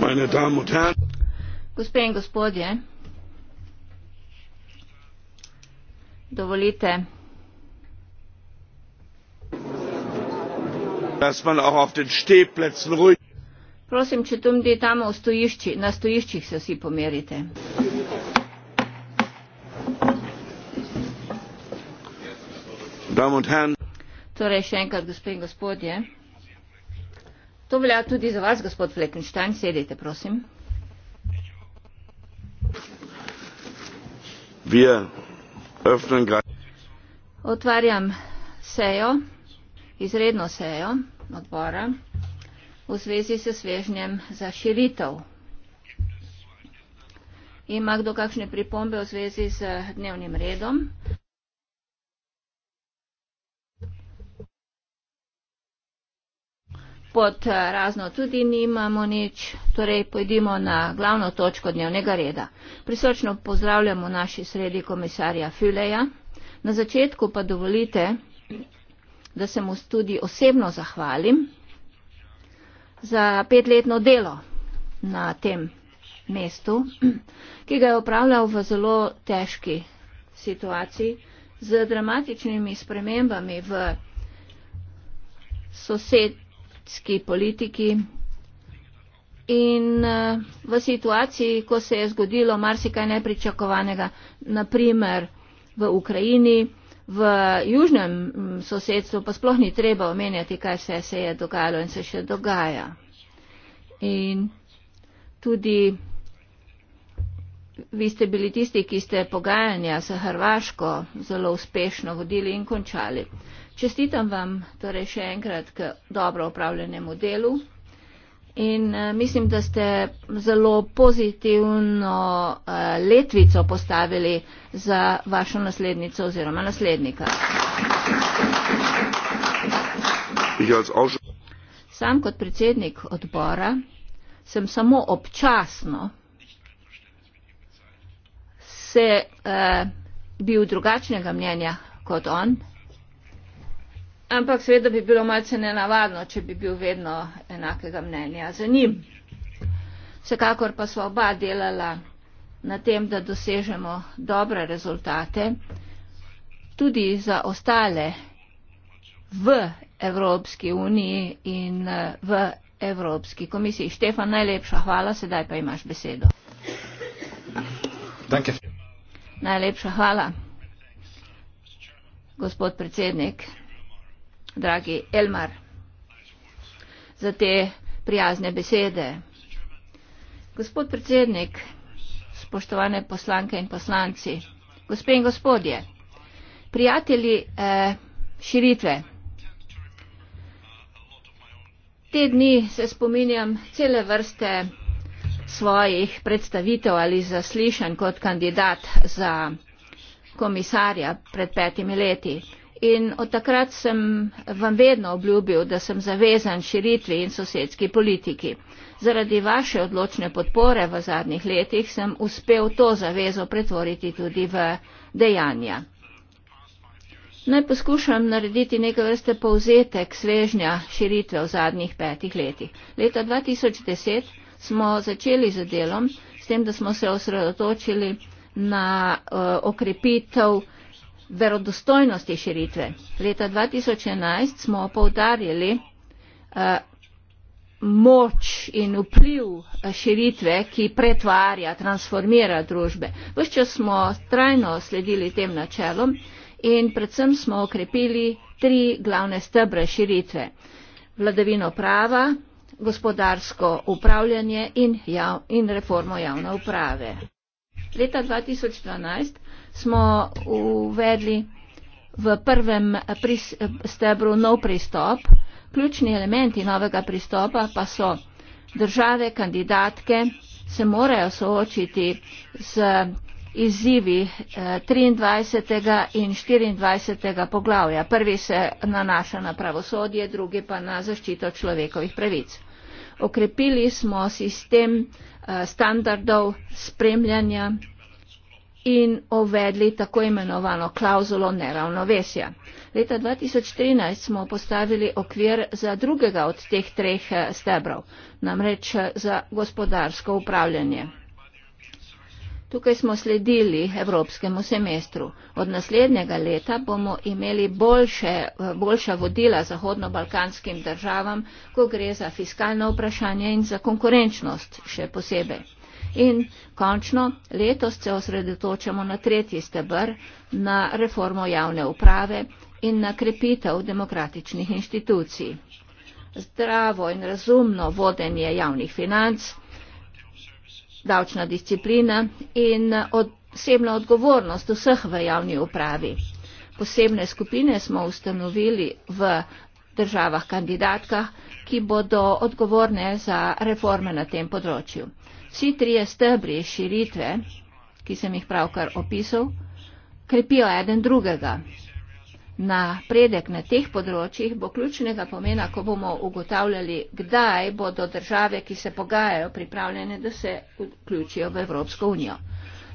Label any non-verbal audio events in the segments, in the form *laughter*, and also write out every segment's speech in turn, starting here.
Meine Damen und Herren, gospe in gospodje, dovolite. Dass man auch auf den Stehplätzen ruhig. Prosim, če tudi tam na stojiščih se vsi pomerite. Torej, še enkrat, gospe in gospodje. To velja tudi za vas, gospod Fleckenstein. Sedite, prosim. Otvarjam sejo, izredno sejo odbora v zvezi s svežnjem za širitev. Ima kdo kakšne pripombe v zvezi z dnevnim redom? pod eh, razno tudi nimamo nič, torej pojdimo na glavno točko dnevnega reda. Prisrčno pozdravljamo naši sredi komisarja Füleja. Na začetku pa dovolite, da se mu tudi osebno zahvalim za petletno delo na tem mestu, *clears throat* ki ga je upravljal v zelo težki situaciji z dramatičnimi spremembami v sosed klimatski politiki. In uh, v situaciji, ko se je zgodilo marsikaj nepričakovanega, naprimer v Ukrajini, v južnem mm, sosedstvu, pa sploh ni treba omenjati, kaj se, se je dogajalo in se še dogaja. In tudi vi ste bili tisti, ki ste pogajanja s Hrvaško zelo uspešno vodili in končali. Uh, Čestitam vam torej še enkrat k dobro upravljenemu delu in eh, mislim, da ste zelo pozitivno eh, letvico postavili za vašo naslednico oziroma naslednika. Sam kot predsednik odbora sem samo občasno se eh, bil drugačnega mnenja kot on, ampak seveda bi bilo malce nenavadno, če bi bil vedno enakega mnenja za njim. Vsekakor pa smo oba delala na tem, da dosežemo dobre rezultate tudi za ostale v Evropski uniji in eh, v Evropski komisiji. Štefan, najlepša hvala, sedaj pa imaš besedo. Danke. Najlepša hvala, gospod predsednik dragi Elmar, za te prijazne besede. Gospod predsednik, spoštovane poslanke in poslanci, gospe in gospodje, prijatelji eh, širitve. Te dni se spominjam cele vrste svojih predstavitev ali zaslišanj kot kandidat za komisarja pred petimi leti. In od takrat sem vam vedno obljubil, da sem zavezan širitvi in sosedski politiki. Zaradi vaše odločne podpore v zadnjih letih sem uspel to zavezo pretvoriti tudi v dejanja. Naj poskušam narediti nekaj vrste povzetek svežnja širitve v zadnjih petih letih. Leta 2010 smo začeli z delom, s tem, da smo se osredotočili na uh, okrepitev verodostojnosti širitve. Leta 2011 smo poudarjali eh, moč in vpliv eh, širitve, ki pretvarja, transformira družbe. Vse čas smo trajno sledili tem načelom in predvsem smo okrepili tri glavne stebre širitve. Vladavino prava, gospodarsko upravljanje in, jav, in reformo javne uprave. Leta 2012 smo uvedli v prvem pris, stebru nov pristop. Ključni elementi novega pristopa pa so države, kandidatke se morajo soočiti z izzivi 23. Eh, in 24. poglavja. Prvi se nanaša na pravosodje, drugi pa na zaščito človekovih pravic. Okrepili smo sistem eh, standardov spremljanja in uvedli tako imenovano klauzulo neravnovesja. Leta 2013 smo postavili okvir za drugega od teh treh eh, stebrov, namreč eh, za gospodarsko upravljanje. Tukaj smo sledili evropskemu semestru. Od naslednjega leta bomo imeli boljše, eh, boljša vodila zahodno-balkanskim državam, ko gre za fiskalno vprašanje in za konkurenčnost še posebej. In končno, letos se osredotočamo na tretji stebr, na reformo javne uprave in na krepitev demokratičnih inštitucij. Zdravo in razumno vodenje javnih financ, davčna disciplina in osebna odgovornost vseh v javni upravi. Posebne skupine smo ustanovili v državah kandidatkah, ki bodo odgovorne za reforme na tem področju. Vsi trije stebri širitve, ki sem jih pravkar opisal, krepijo eden drugega. Na predek na teh področjih bo ključnega pomena, ko bomo ugotavljali, kdaj bodo države, ki se pogajajo, pripravljene, da se vključijo v Evropsko unijo.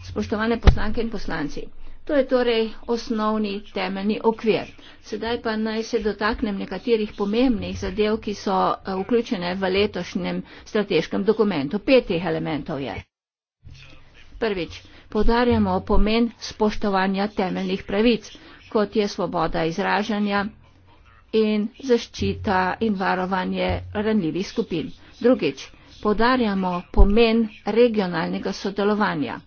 Spoštovane poslanke in poslanci, To je torej osnovni temeljni okvir. Sedaj pa naj se dotaknem nekaterih pomembnih zadev, ki so eh, vključene v letošnjem strateškem dokumentu. Petih elementov je. Prvič, podarjamo pomen spoštovanja temeljnih pravic, kot je svoboda izražanja in zaščita in varovanje ranljivih skupin. Drugič, podarjamo pomen regionalnega sodelovanja.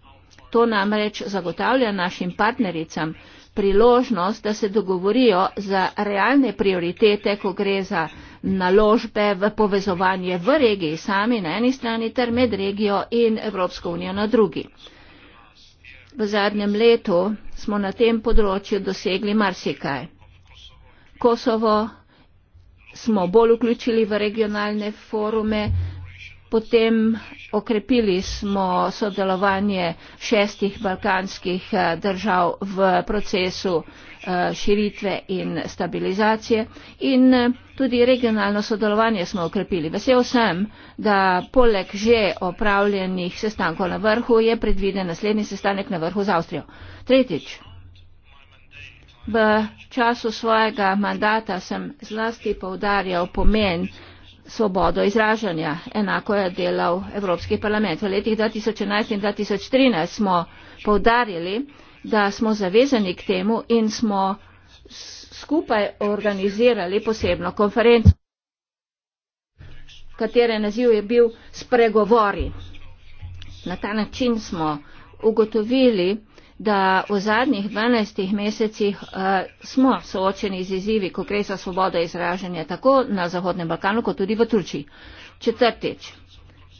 To namreč zagotavlja našim partnericam priložnost, da se dogovorijo za realne prioritete, ko gre za naložbe v povezovanje v regiji sami na eni strani ter med regijo in Evropsko unijo na drugi. V zadnjem letu smo na tem področju dosegli marsikaj. Kosovo smo bolj vključili v regionalne forume. Potem okrepili smo sodelovanje šestih balkanskih eh, držav v procesu eh, širitve in stabilizacije in eh, tudi regionalno sodelovanje smo okrepili. Vesel sem, da poleg že opravljenih sestankov na vrhu je predviden naslednji sestanek na vrhu z Avstrijo. Tretjič. V času svojega mandata sem zlasti povdarjal pomen, svobodo izražanja. Enako je delal Evropski parlament. V letih 2011 in 2013 smo povdarjali, da smo zavezani k temu in smo skupaj organizirali posebno konferenco, katere naziv je bil spregovori. Na ta način smo ugotovili, da v zadnjih 12 mesecih uh, smo soočeni z izzivi, ko gre za svobodo izražanja tako na Zahodnem Balkanu, kot tudi v Turčiji. Četrtič,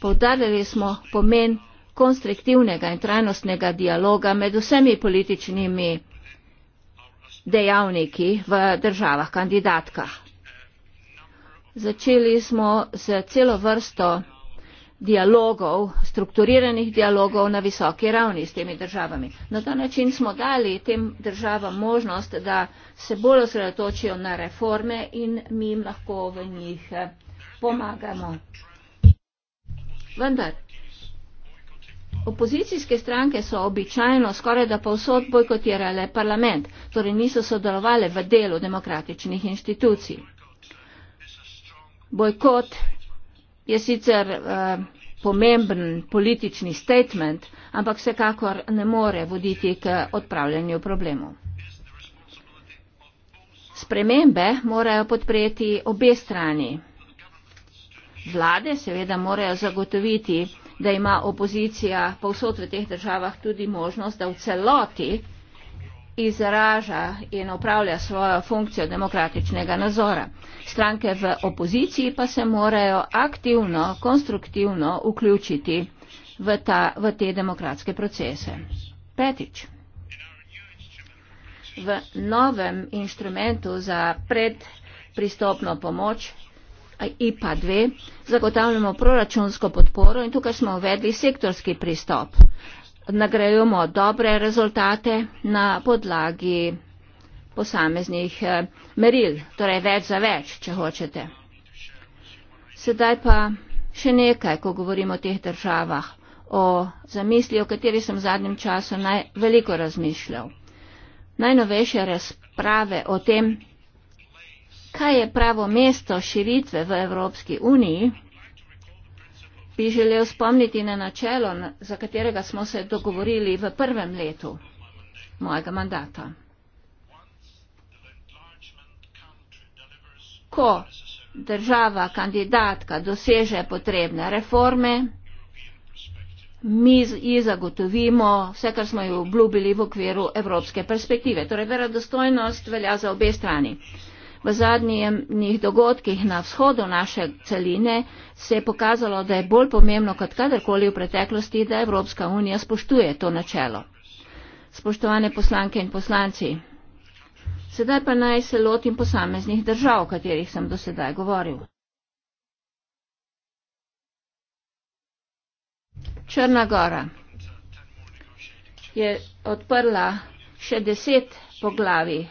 povdarjali smo pomen konstruktivnega in trajnostnega dialoga med vsemi političnimi dejavniki v državah kandidatkah. Začeli smo z celo vrsto dialogov strukturiranih dialogov na visoki ravni s temi državami. Na ta način smo dali tem državam možnost, da se bolj osredotočijo na reforme in mi jim lahko v njih eh, pomagamo. Vendar, opozicijske stranke so običajno skoraj da povsod bojkotirale parlament, torej niso sodelovali v delu demokratičnih inštitucij. Bojkot je sicer eh, pomemben politični statement, ampak vsekakor ne more voditi k odpravljanju problemov. Spremembe morajo podpreti obe strani. Vlade seveda morajo zagotoviti, da ima opozicija povsod v teh državah tudi možnost, da v celoti izraža in upravlja svojo funkcijo demokratičnega nazora. Stranke v opoziciji pa se morajo aktivno, konstruktivno vključiti v, ta, v te demokratske procese. Petič. V novem inštrumentu za predpristopno pomoč IPA 2 zagotavljamo proračunsko podporo in tukaj smo uvedli sektorski pristop nagrajujemo dobre rezultate na podlagi posameznih eh, meril, torej več za več, če hočete. Sedaj pa še nekaj, ko govorimo o teh državah, o zamisli, o kateri sem v zadnjem času naj, veliko razmišljal. Najnovejše razprave o tem, kaj je pravo mesto širitve v Evropski uniji, bi želel spomniti na načelo, za katerega smo se dogovorili v prvem letu mojega mandata. Ko država, kandidatka doseže potrebne reforme, mi ji zagotovimo vse, kar smo ji obljubili v okviru evropske perspektive. Torej, verodostojnost velja za obe strani. Uh, V zadnjih dogodkih na vzhodu naše celine se je pokazalo, da je bolj pomembno kot kadarkoli v preteklosti, da Evropska unija spoštuje to načelo. Spoštovane poslanke in poslanci, sedaj pa naj se lotim posameznih držav, o katerih sem do sedaj govoril. Črna gora je odprla še deset poglavi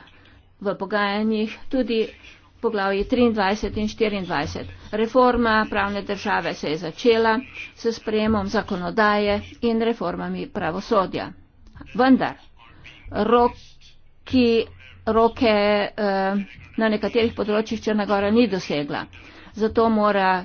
v pogajanjih tudi poglavji 23 in 24. Reforma pravne države se je začela s sprejemom zakonodaje in reformami pravosodja. Vendar roki, roke eh, na nekaterih področjih Črnagora ni dosegla. Zato mora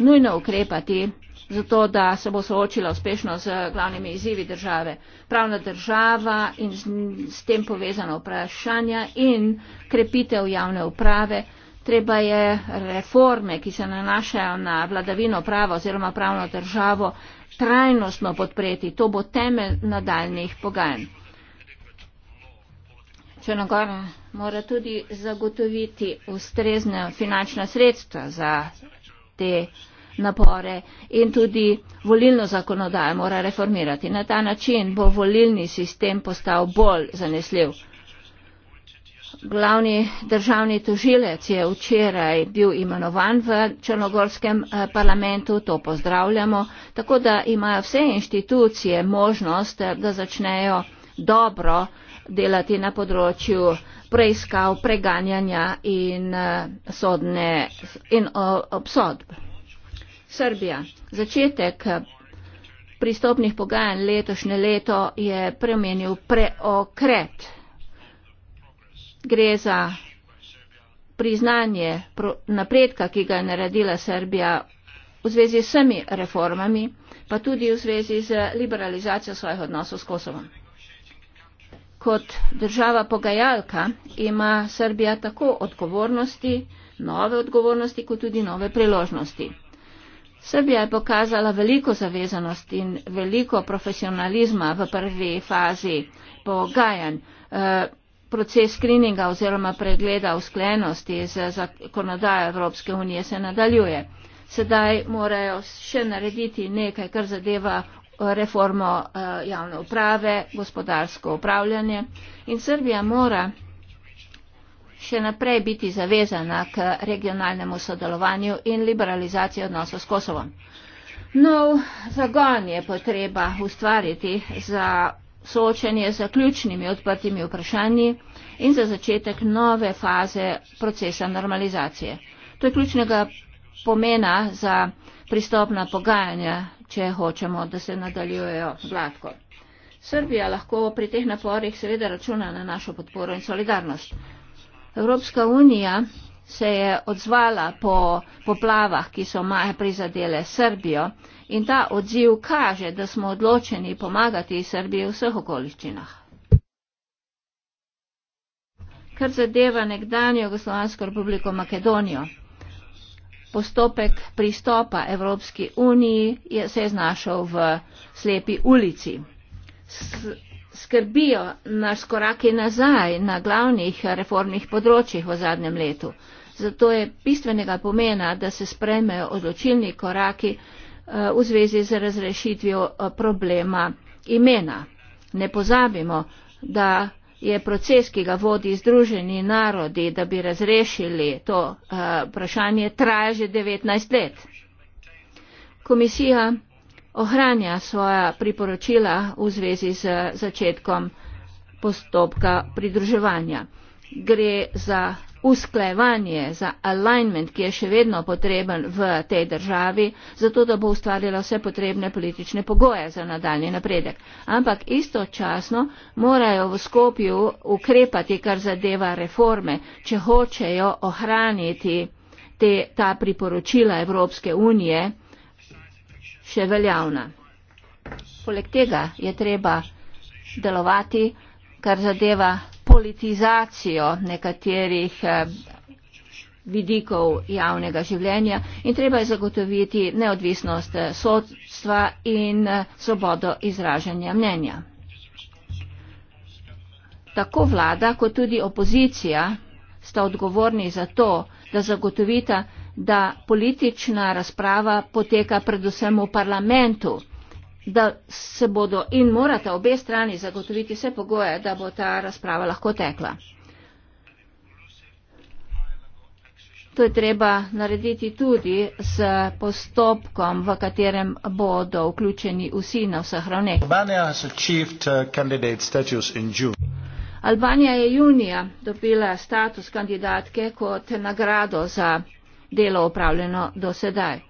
nujno ukrepati zato da se bo soočila uspešno z glavnimi izzivi države. Pravna država in z, s tem povezana vprašanja in krepitev javne uprave. Treba je reforme, ki se nanašajo na vladavino prava oziroma pravno državo, trajnostno podpreti. To bo temelj nadaljnih pogajanj. Črnogora mora tudi zagotoviti ustrezne finančne sredstva za te napore in tudi volilno zakonodajo mora reformirati. Na ta način bo volilni sistem postal bolj zanesljiv. Glavni državni tožilec je včeraj bil imenovan v Črnogorskem eh, parlamentu, to pozdravljamo, tako da imajo vse inštitucije možnost, eh, da začnejo dobro delati na področju preiskav, preganjanja in, eh, sodne, in obsodb. Srbija. Začetek pristopnih pogajanj letošnje leto je premenil preokret. Gre za priznanje napredka, ki ga je naredila Srbija v zvezi s vsemi reformami, pa tudi v zvezi z liberalizacijo svojih odnosov s Kosovom. Kot država pogajalka ima Srbija tako odgovornosti, nove odgovornosti, kot tudi nove priložnosti. Srbija je pokazala veliko zavezanost in veliko profesionalizma v prvi fazi pogajanj. Eh, proces skrininga oziroma pregleda usklenosti z zakonodajo Evropske unije se nadaljuje. Sedaj morajo še narediti nekaj, kar zadeva eh, reformo eh, javne uprave, gospodarsko upravljanje in Srbija mora še naprej biti zavezana k regionalnemu sodelovanju in liberalizaciji odnosov s Kosovom. Nov zagon je potreba ustvariti za soočanje z ključnimi odprtimi vprašanji in za začetek nove faze procesa normalizacije. To je ključnega pomena za pristopna pogajanja, če hočemo, da se nadaljujejo gladko. Srbija lahko pri teh naporih seveda računa na našo podporo in solidarnost. Evropska unija se je odzvala po poplavah, ki so maja prizadele Srbijo in ta odziv kaže, da smo odločeni pomagati Srbiji v vseh okoliščinah. Kar zadeva nekdanjo Jugoslovansko republiko Makedonijo, postopek pristopa Evropski uniji je, se je znašel v slepi ulici. S, skrbijo nas korake nazaj na glavnih reformnih področjih v zadnjem letu. Zato je bistvenega pomena, da se spremejo odločilni koraki eh, v zvezi z razrešitvijo eh, problema imena. Ne pozabimo, da je proces, ki ga vodi Združeni narodi, da bi razrešili to eh, vprašanje, traja že 19 let. Komisija ohranja svoja priporočila v zvezi z začetkom postopka pridruževanja. Gre za usklajevanje, za alignment, ki je še vedno potreben v tej državi, zato da bo ustvarjala vse potrebne politične pogoje za nadaljni napredek. Ampak istočasno morajo v Skopju ukrepati, kar zadeva reforme, če hočejo ohraniti te, ta priporočila Evropske unije še veljavna. Poleg tega je treba delovati, kar zadeva politizacijo nekaterih eh, vidikov javnega življenja in treba je zagotoviti neodvisnost eh, sodstva in eh, svobodo izražanja mnenja. Tako vlada kot tudi opozicija sta odgovorni za to, da zagotovita da politična razprava poteka predvsem v parlamentu, da se bodo in morata obe strani zagotoviti vse pogoje, da bo ta razprava lahko tekla. To je treba narediti tudi s postopkom, v katerem bodo vključeni vsi na vseh ravneh. Uh, Albanija je junija dobila status kandidatke kot nagrado za delo opravljeno do sedaj.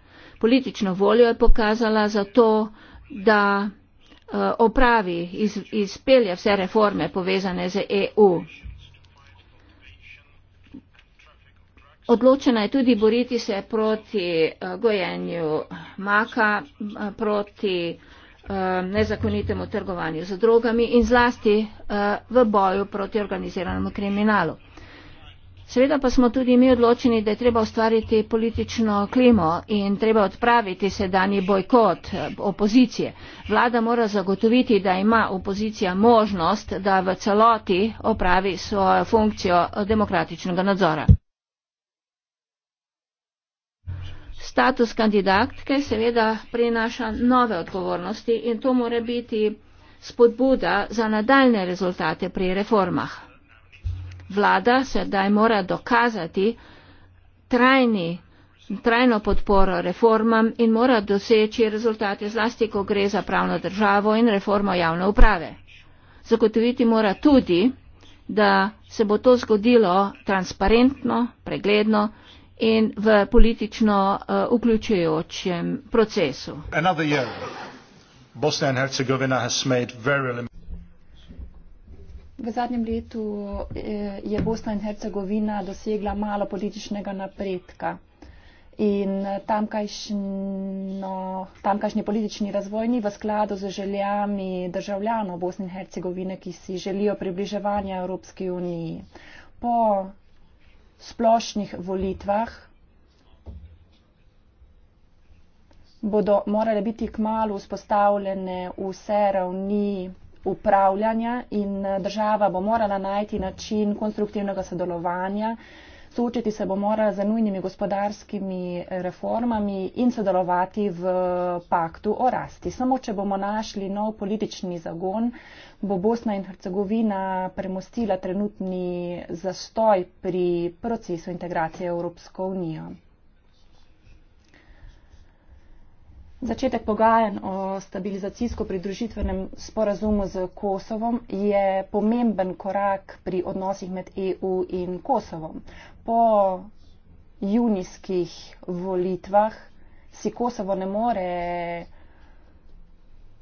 Politično voljo je pokazala za to, da eh, opravi, iz, izpelje vse reforme povezane z EU. Odločena je tudi boriti se proti eh, gojenju maka, eh, proti nezakonitemu trgovanju z drogami in zlasti v boju proti organiziranemu kriminalu. Seveda pa smo tudi mi odločeni, da je treba ustvariti politično klimo in treba odpraviti sedanji bojkot eh, opozicije. Vlada mora zagotoviti, da ima opozicija možnost, da v celoti opravi svojo funkcijo eh, demokratičnega nadzora. Status kandidatke seveda prinaša nove odgovornosti in to mora biti spodbuda za nadaljne rezultate pri reformah vlada sedaj mora dokazati trajni, trajno podporo reformam in mora doseči rezultate zlasti, ko gre za pravno državo in reformo javne uprave. Zagotoviti mora tudi, da se bo to zgodilo transparentno, pregledno in v politično uh, vključujočem procesu. V zadnjem letu eh, je Bosna in Hercegovina dosegla malo političnega napredka in eh, tamkajšnjo, tamkajšnji politični razvoj ni v skladu z željami državljanov Bosne in Hercegovine, ki si želijo približevanja Evropski uniji. Po splošnih volitvah bodo morale biti k malu vzpostavljene vse ravni upravljanja in eh, država bo morala najti način konstruktivnega sodelovanja. Soočiti se bo morala z nujnimi gospodarskimi eh, reformami in sodelovati v eh, paktu o rasti. Samo, če bomo našli nov politični zagon, bo Bosna in Hercegovina premostila trenutni zastoj pri procesu integracije v Evropsko unijo. Začetek pogajanj o stabilizacijsko-pridružitvenem sporazumu z Kosovom je pomemben korak pri odnosih med EU in Kosovom. Po junijskih volitvah si Kosovo ne more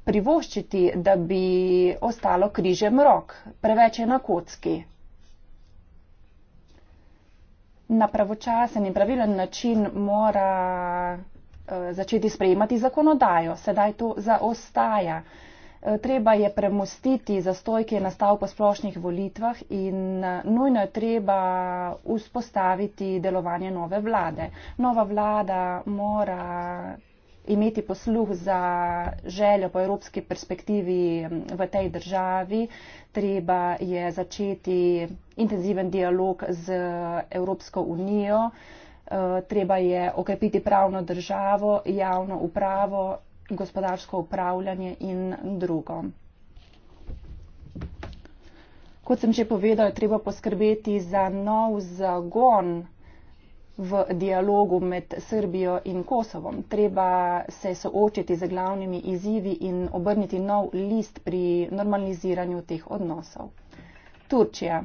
privoščiti, da bi ostalo križem rok. Preveč je na kocki. Na pravočasen in pravilen način mora Eh, začeti sprejemati zakonodajo. Sedaj to zaostaja. Eh, treba je premustiti zastoj, ki je nastal po splošnih volitvah in eh, nujno je treba vzpostaviti delovanje nove vlade. Nova vlada mora imeti posluh za željo po evropski perspektivi v tej državi. Treba je začeti intenziven dialog z Evropsko unijo. Uh, Eh, treba je okrepiti pravno državo, javno upravo, gospodarsko upravljanje in drugo. Kot sem že povedal, je treba poskrbeti za nov zagon v dialogu med Srbijo in Kosovom. Treba se soočiti z glavnimi izzivi in obrniti nov list pri normaliziranju teh odnosov. Turčija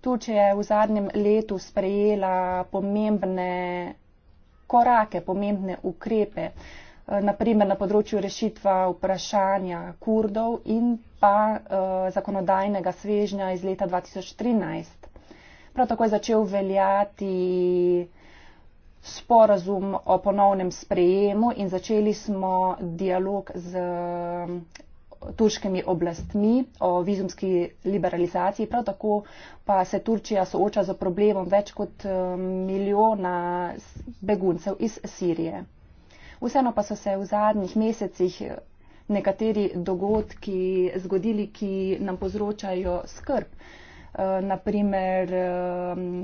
tu, če je v zadnjem letu sprejela pomembne korake, pomembne ukrepe, eh, naprimer na področju rešitva vprašanja kurdov in pa uh, zakonodajnega svežnja iz leta 2013. Prav tako je začel veljati sporazum o ponovnem sprejemu in začeli smo dialog z turškimi oblastmi o vizumski liberalizaciji. Prav tako pa se Turčija sooča z problemom več kot eh, milijona beguncev iz Sirije. Vseeno pa so se v zadnjih mesecih eh, nekateri dogodki zgodili, ki nam povzročajo skrb. Eh, Naprimer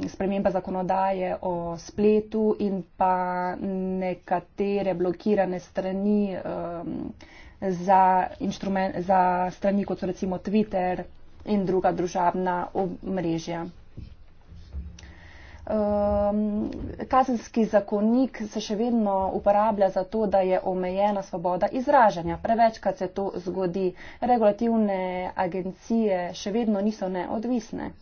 sprememba zakonodaje o spletu in pa nekatere blokirane strani um, za, za strani, kot so recimo Twitter in druga družabna omrežja. Um, kazenski zakonik se še vedno uporablja za to, da je omejena svoboda izražanja. Prevečkrat se to zgodi. Regulativne agencije še vedno niso neodvisne.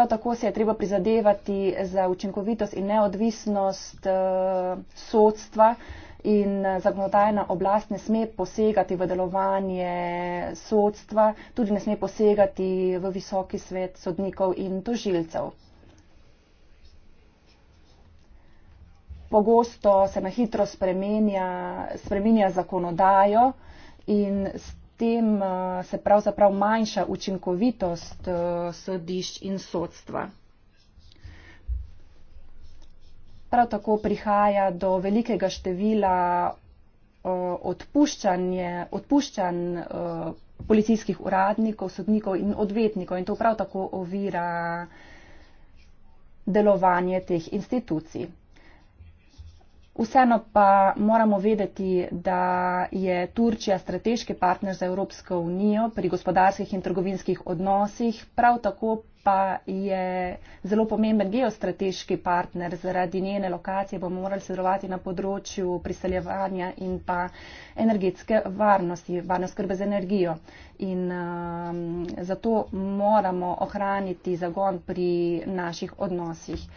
prav tako se je treba prizadevati za učinkovitost in neodvisnost eh, sodstva in eh, zakonodajna oblast ne sme posegati v delovanje sodstva, tudi ne sme posegati v visoki svet sodnikov in tožilcev. Pogosto se na hitro spremenja, spremenja zakonodajo in s tem eh, se pravzaprav manjša učinkovitost eh, sodišč in sodstva. Prav tako prihaja do velikega števila eh, odpuščanj policijskih uradnikov, sodnikov in odvetnikov in to prav tako ovira delovanje teh institucij. Vseeno pa moramo vedeti, da je Turčija strateški partner za Evropsko unijo pri gospodarskih in trgovinskih odnosih, prav tako pa je zelo pomemben geostrateški partner zaradi njene lokacije, bomo morali sodelovati na področju priseljevanja in pa energetske varnosti, varnost skrbe z energijo. In um, zato moramo ohraniti zagon pri naših odnosih.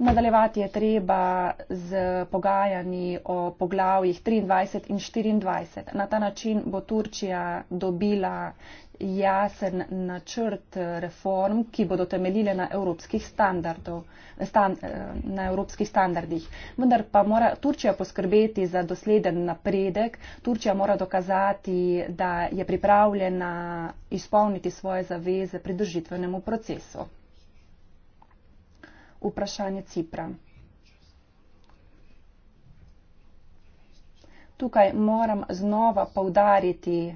Nadaljevati je treba z pogajanji o poglavjih 23 in 24. Na ta način bo Turčija dobila jasen načrt reform, ki bodo temeljile na evropskih, stan, na evropskih standardih. Vendar pa mora Turčija poskrbeti za dosleden napredek. Turčija mora dokazati, da je pripravljena izpolniti svoje zaveze pridržitvenemu procesu vprašanje Cipra. Tukaj moram znova povdariti,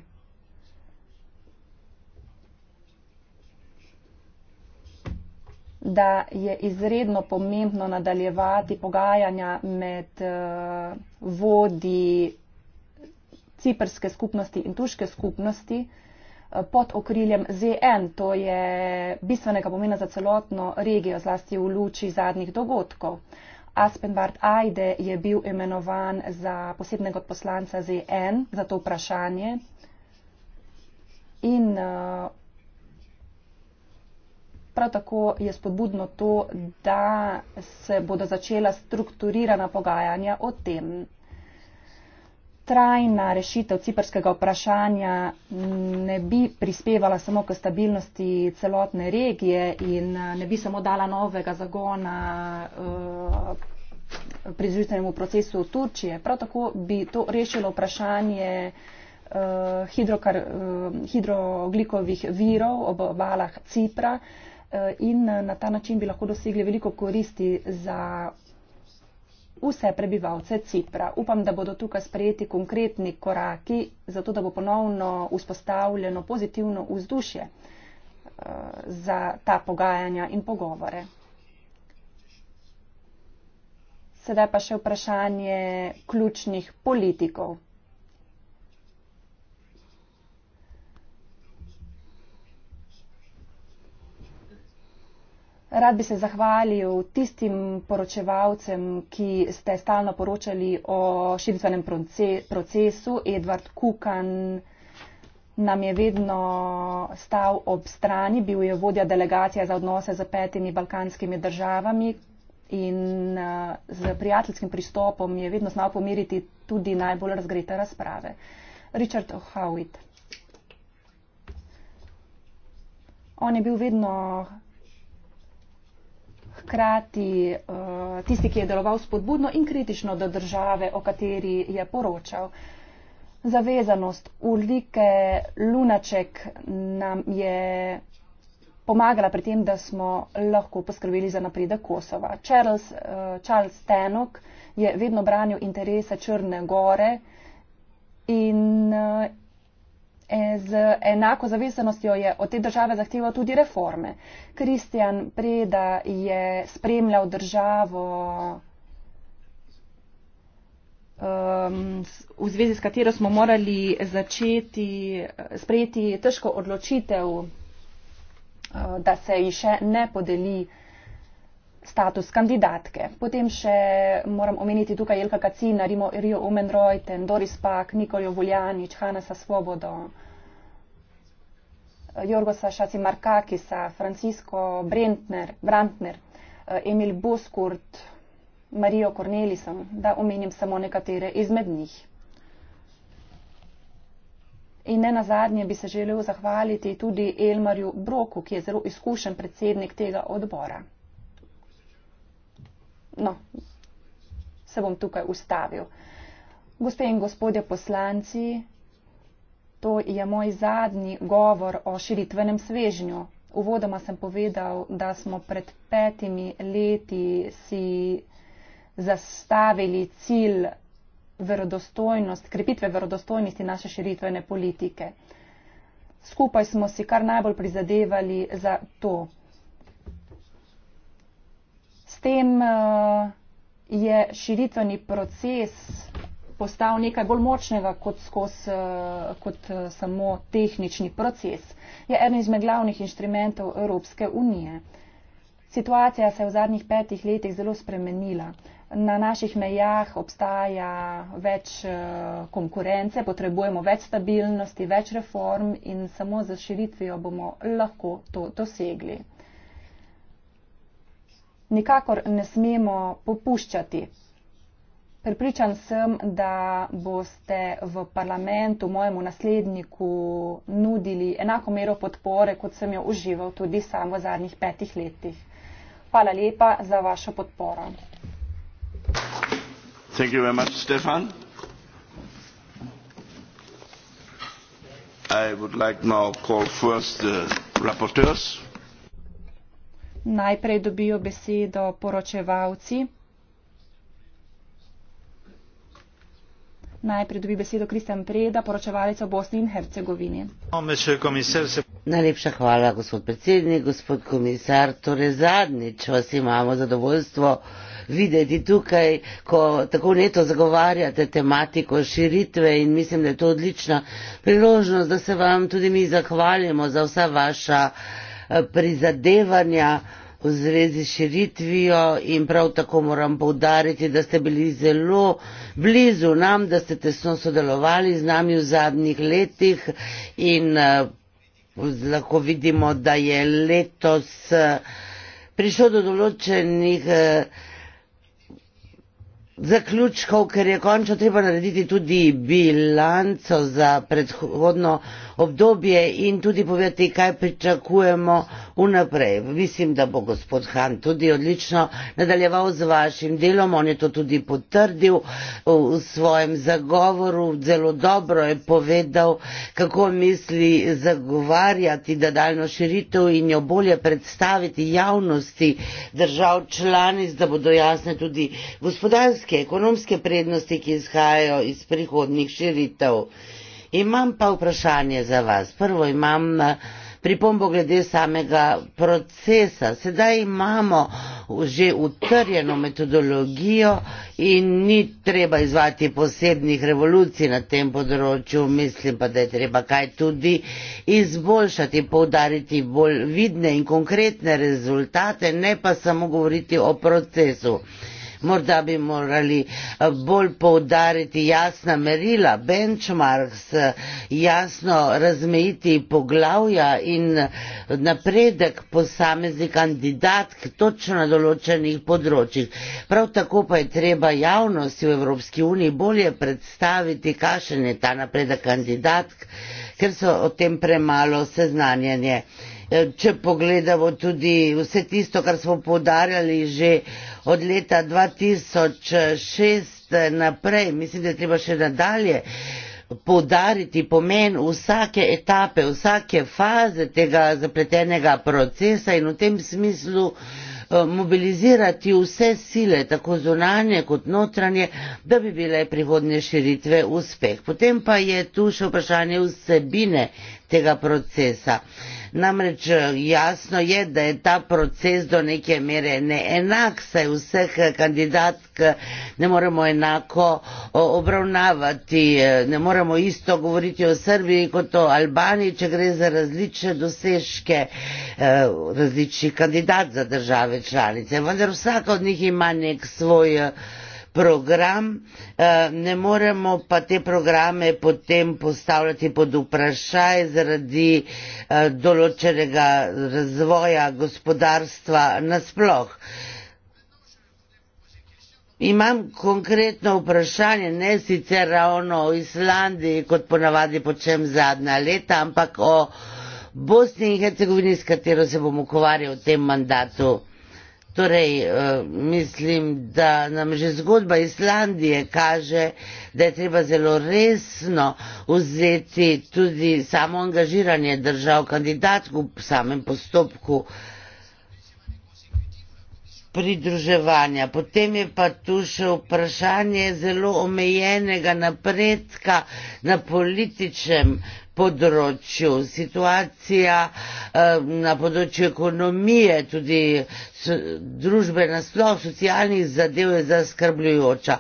da je izredno pomembno nadaljevati pogajanja med eh, vodi ciprske skupnosti in tuške skupnosti pod okriljem ZN. To je bistvenega pomena za celotno regijo, zlasti v luči zadnjih dogodkov. Aspenbart Ajde je bil imenovan za posebnega odposlanca ZN za to vprašanje. In eh, prav tako je spodbudno to, da se bodo začela strukturirana pogajanja o tem trajna rešitev ciprskega vprašanja ne bi prispevala samo k stabilnosti celotne regije in eh, ne bi samo dala novega zagona eh, prizvitenemu procesu v Turčije. Prav tako bi to rešilo vprašanje eh, hidrokar, hidroglikovih virov ob valah Cipra in na ta način bi lahko dosegli veliko koristi za vse prebivalce Cipra. Upam, da bodo tukaj sprejeti konkretni koraki, zato da bo ponovno vzpostavljeno pozitivno vzdušje eh, za ta pogajanja in pogovore. Sedaj pa še vprašanje ključnih politikov. Rad bi se zahvalil tistim poročevalcem, ki ste stalno poročali o širitvenem procesu. Edvard Kukan nam je vedno stal ob strani, bil je vodja delegacije za odnose z petimi balkanskimi državami in eh, z prijateljskim pristopom je vedno znal pomiriti tudi najbolj razgrete razprave. Richard Howitt. On je bil vedno hkrati uh, tisti, ki je deloval spodbudno in kritično do države, o kateri je poročal. Zavezanost Ulrike Lunaček nam je pomagala pri tem, da smo lahko poskrbeli za napredek Kosova. Charles, uh, Charles Tenok je vedno branil interese Črne gore in uh, Eh, z enako zavesenostjo je od te države zahteval tudi reforme. Kristjan Preda je spremljal državo, um, v zvezi s katero smo morali začeti eh, sprejeti težko odločitev, uh, da se ji še ne podeli status kandidatke. Potem še moram omeniti tukaj Jelka Kacina, Rimo, Rio Omen Reuten, Doris Pak, Nikoljo Vuljanič, Hanasa Svobodo, Jorgosa Šaci Markakisa, Francisco Brentner, Brantner, Emil Boskurt, Marijo Kornelisom, da omenim samo nekatere izmed njih. In ne nazadnje bi se želel zahvaliti tudi Elmarju Broku, ki je zelo izkušen predsednik tega odbora. No, se bom tukaj ustavil. Gospe in gospodje poslanci, to je moj zadnji govor o širitvenem svežnju. Uvodoma sem povedal, da smo pred petimi leti si zastavili cilj verodostojnost, krepitve verodostojnosti naše širitvene politike. Skupaj smo si kar najbolj prizadevali za to tem uh, je širitveni proces postal nekaj bolj močnega kot, skos, uh, kot uh, samo tehnični proces. Je eden izmed glavnih inštrumentov Evropske unije. Situacija se je v zadnjih petih letih zelo spremenila. Na naših mejah obstaja več uh, konkurence, potrebujemo več stabilnosti, več reform in samo z širitvijo bomo lahko to dosegli. To nikakor ne smemo popuščati. Pripričan sem, da boste v parlamentu mojemu nasledniku nudili enako mero podpore, kot sem jo užival tudi sam v zadnjih petih letih. Hvala lepa za vašo podporo. Hvala lepa, Stefan najprej dobijo besedo poročevalci. Najprej dobi besedo Kristjan Preda, poročevalec v Bosni in Hercegovini. Najlepša hvala, gospod predsednik, gospod komisar. Torej zadnjič vas imamo zadovoljstvo videti tukaj, ko tako neto zagovarjate tematiko širitve in mislim, da je to odlična priložnost, da se vam tudi mi zahvalimo za vsa vaša Eh, prizadevanja v zvezi s širitvijo in prav tako moram povdariti, da ste bili zelo blizu nam, da ste tesno sodelovali z nami v zadnjih letih in eh, lahko vidimo, da je letos eh, prišlo do določenih zaključkov, ker je končno treba narediti tudi bilanco za predhodno obdobje in tudi povedati, kaj pričakujemo vnaprej. Mislim, da bo gospod Han tudi odlično nadaljeval z vašim delom. On je to tudi potrdil v svojem zagovoru, zelo dobro je povedal, kako misli zagovarjati nadaljno širitev in jo bolje predstaviti javnosti držav članic, da bodo jasne tudi gospodarske, ekonomske prednosti, ki izhajajo iz prihodnih širitev. Imam pa vprašanje za vas. Prvo imam eh, pripombo glede samega procesa. Sedaj imamo že utrjeno metodologijo in ni treba izvati posebnih revolucij na tem področju. Mislim pa, da je treba kaj tudi izboljšati, poudariti bolj vidne in konkretne rezultate, ne pa samo govoriti o procesu morda bi morali eh, bolj poudariti jasna merila, benchmarks, eh, jasno razmejiti poglavja in napredek posameznih kandidatk točno na določenih področjih. Prav tako pa je treba javnosti v Evropski uniji bolje predstaviti, kakšen je ta napredek kandidatk, ker so o tem premalo seznanjenje. Eh, če pogledamo tudi vse tisto, kar smo podarjali že od leta 2006 naprej, mislim, da je treba še nadalje podariti pomen vsake etape, vsake faze tega zapletenega procesa in v tem smislu eh, mobilizirati vse sile, tako zunanje kot notranje, da bi bile prihodne širitve uspeh. Potem pa je tu še vprašanje vsebine tega procesa. Namreč eh, jasno je, da je ta proces do neke mere neenak, saj vseh eh, kandidatk eh, ne moremo enako obravnavati, ne moremo isto govoriti o Srbiji kot o Albaniji, če gre za različne dosežke različnih kandidat za države članice. Vendar vsaka od njih ima nek svoj program, eh, ne moremo pa te programe potem postavljati pod vprašaj zaradi eh, določenega razvoja gospodarstva nasploh. Imam konkretno vprašanje, ne sicer ravno o Islandiji, kot ponavadi počem zadnja leta, ampak o Bosni in Hercegovini, s katero se bom ukvarjal v tem mandatu. Torej, eh, mislim, da nam že zgodba Islandije kaže, da je treba zelo resno vzeti tudi samo angažiranje držav kandidatk v samem postopku pridruževanja. Potem je pa tu še vprašanje zelo omejenega napredka na političnem področju. Situacija eh, na področju ekonomije, tudi družbena sploh, socialnih zadev je zaskrbljujoča.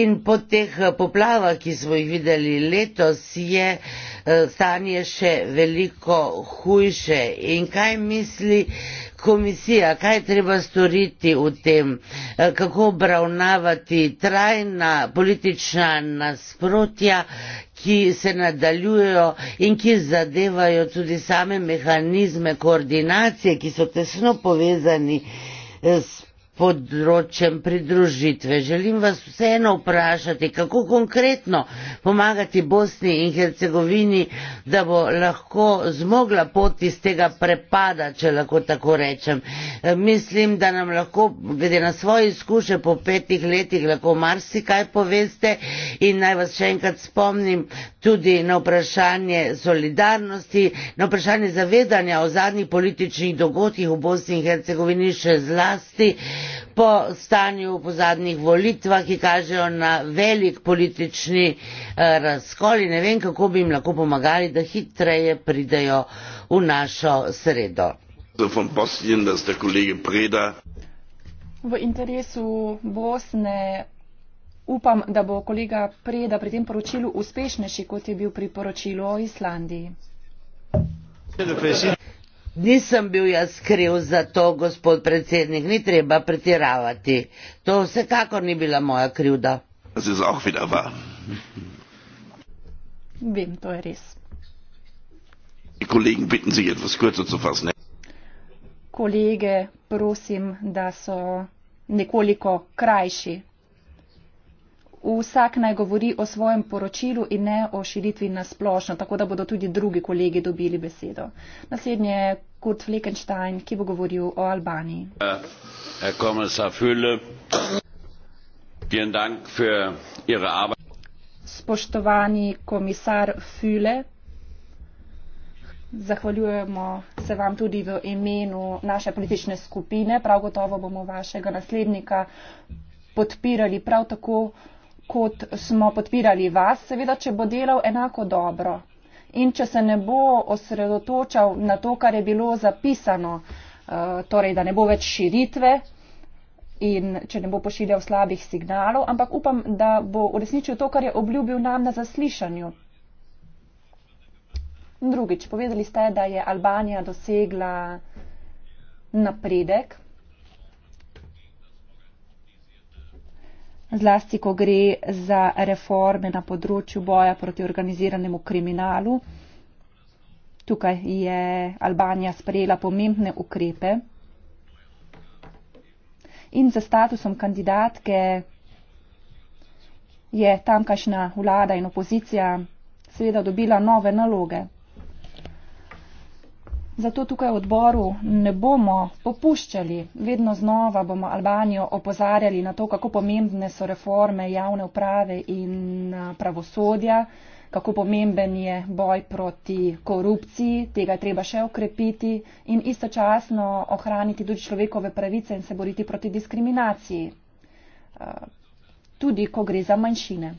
In po teh eh, poplavah, ki smo jih videli letos, je eh, stanje še veliko hujše. In kaj misli komisija, kaj treba storiti v tem, kako obravnavati trajna politična nasprotja ki se nadaljujejo in ki zadevajo tudi same mehanizme koordinacije, ki so tesno povezani eh, s področjem pridružitve. Želim vas vseeno vprašati, kako konkretno pomagati Bosni in Hercegovini, da bo lahko zmogla pot iz tega prepada, če lahko tako rečem. E, mislim, da nam lahko, glede na svoje izkušnje po petih letih, lahko marsikaj poveste in naj vas še enkrat spomnim tudi na vprašanje solidarnosti, na vprašanje zavedanja o zadnjih političnih dogodkih v Bosni in Hercegovini še zlasti, po stanju po zadnjih volitvah, ki kažejo na velik politični eh, razkol in ne vem, kako bi jim lahko pomagali, da hitreje pridejo v našo sredo. V interesu Bosne upam, da bo kolega Preda pri tem poročilu uspešnejši, kot je bil pri poročilu o Islandiji. Nisem bil jaz kriv za to, gospod predsednik, ni treba pretiravati. To vsekakor ni bila moja krivda. Vem, to je res. Kolegen, bitten, si, fassen, Kolege, prosim, da so nekoliko krajši vsak naj govori o svojem poročilu in ne o širitvi nasplošno, tako da bodo tudi drugi kolegi dobili besedo. Naslednje je Kurt Flekenstein, ki bo govoril o Albaniji. Spoštovani komisar Füle, zahvaljujemo se vam tudi v imenu naše politične skupine. Prav gotovo bomo vašega naslednika podpirali prav tako kot smo podpirali vas, seveda, če bo delal enako dobro in če se ne bo osredotočal na to, kar je bilo zapisano, eh, torej, da ne bo več širitve in če ne bo pošiljal slabih signalov, ampak upam, da bo uresničil to, kar je obljubil nam na zaslišanju. Drugič, povedali ste, da je Albanija dosegla napredek. zlasti ko gre za reforme na področju boja proti organiziranemu kriminalu. Tukaj je Albanija sprejela pomembne ukrepe in za statusom kandidatke je tamkajšnja vlada in opozicija seveda dobila nove naloge. Zato tukaj v odboru ne bomo popuščali. Vedno znova bomo Albanijo opozarjali na to, kako pomembne so reforme javne uprave in pravosodja, kako pomemben je boj proti korupciji, tega je treba še okrepiti in istočasno ohraniti tudi človekove pravice in se boriti proti diskriminaciji, tudi ko gre za manjšine.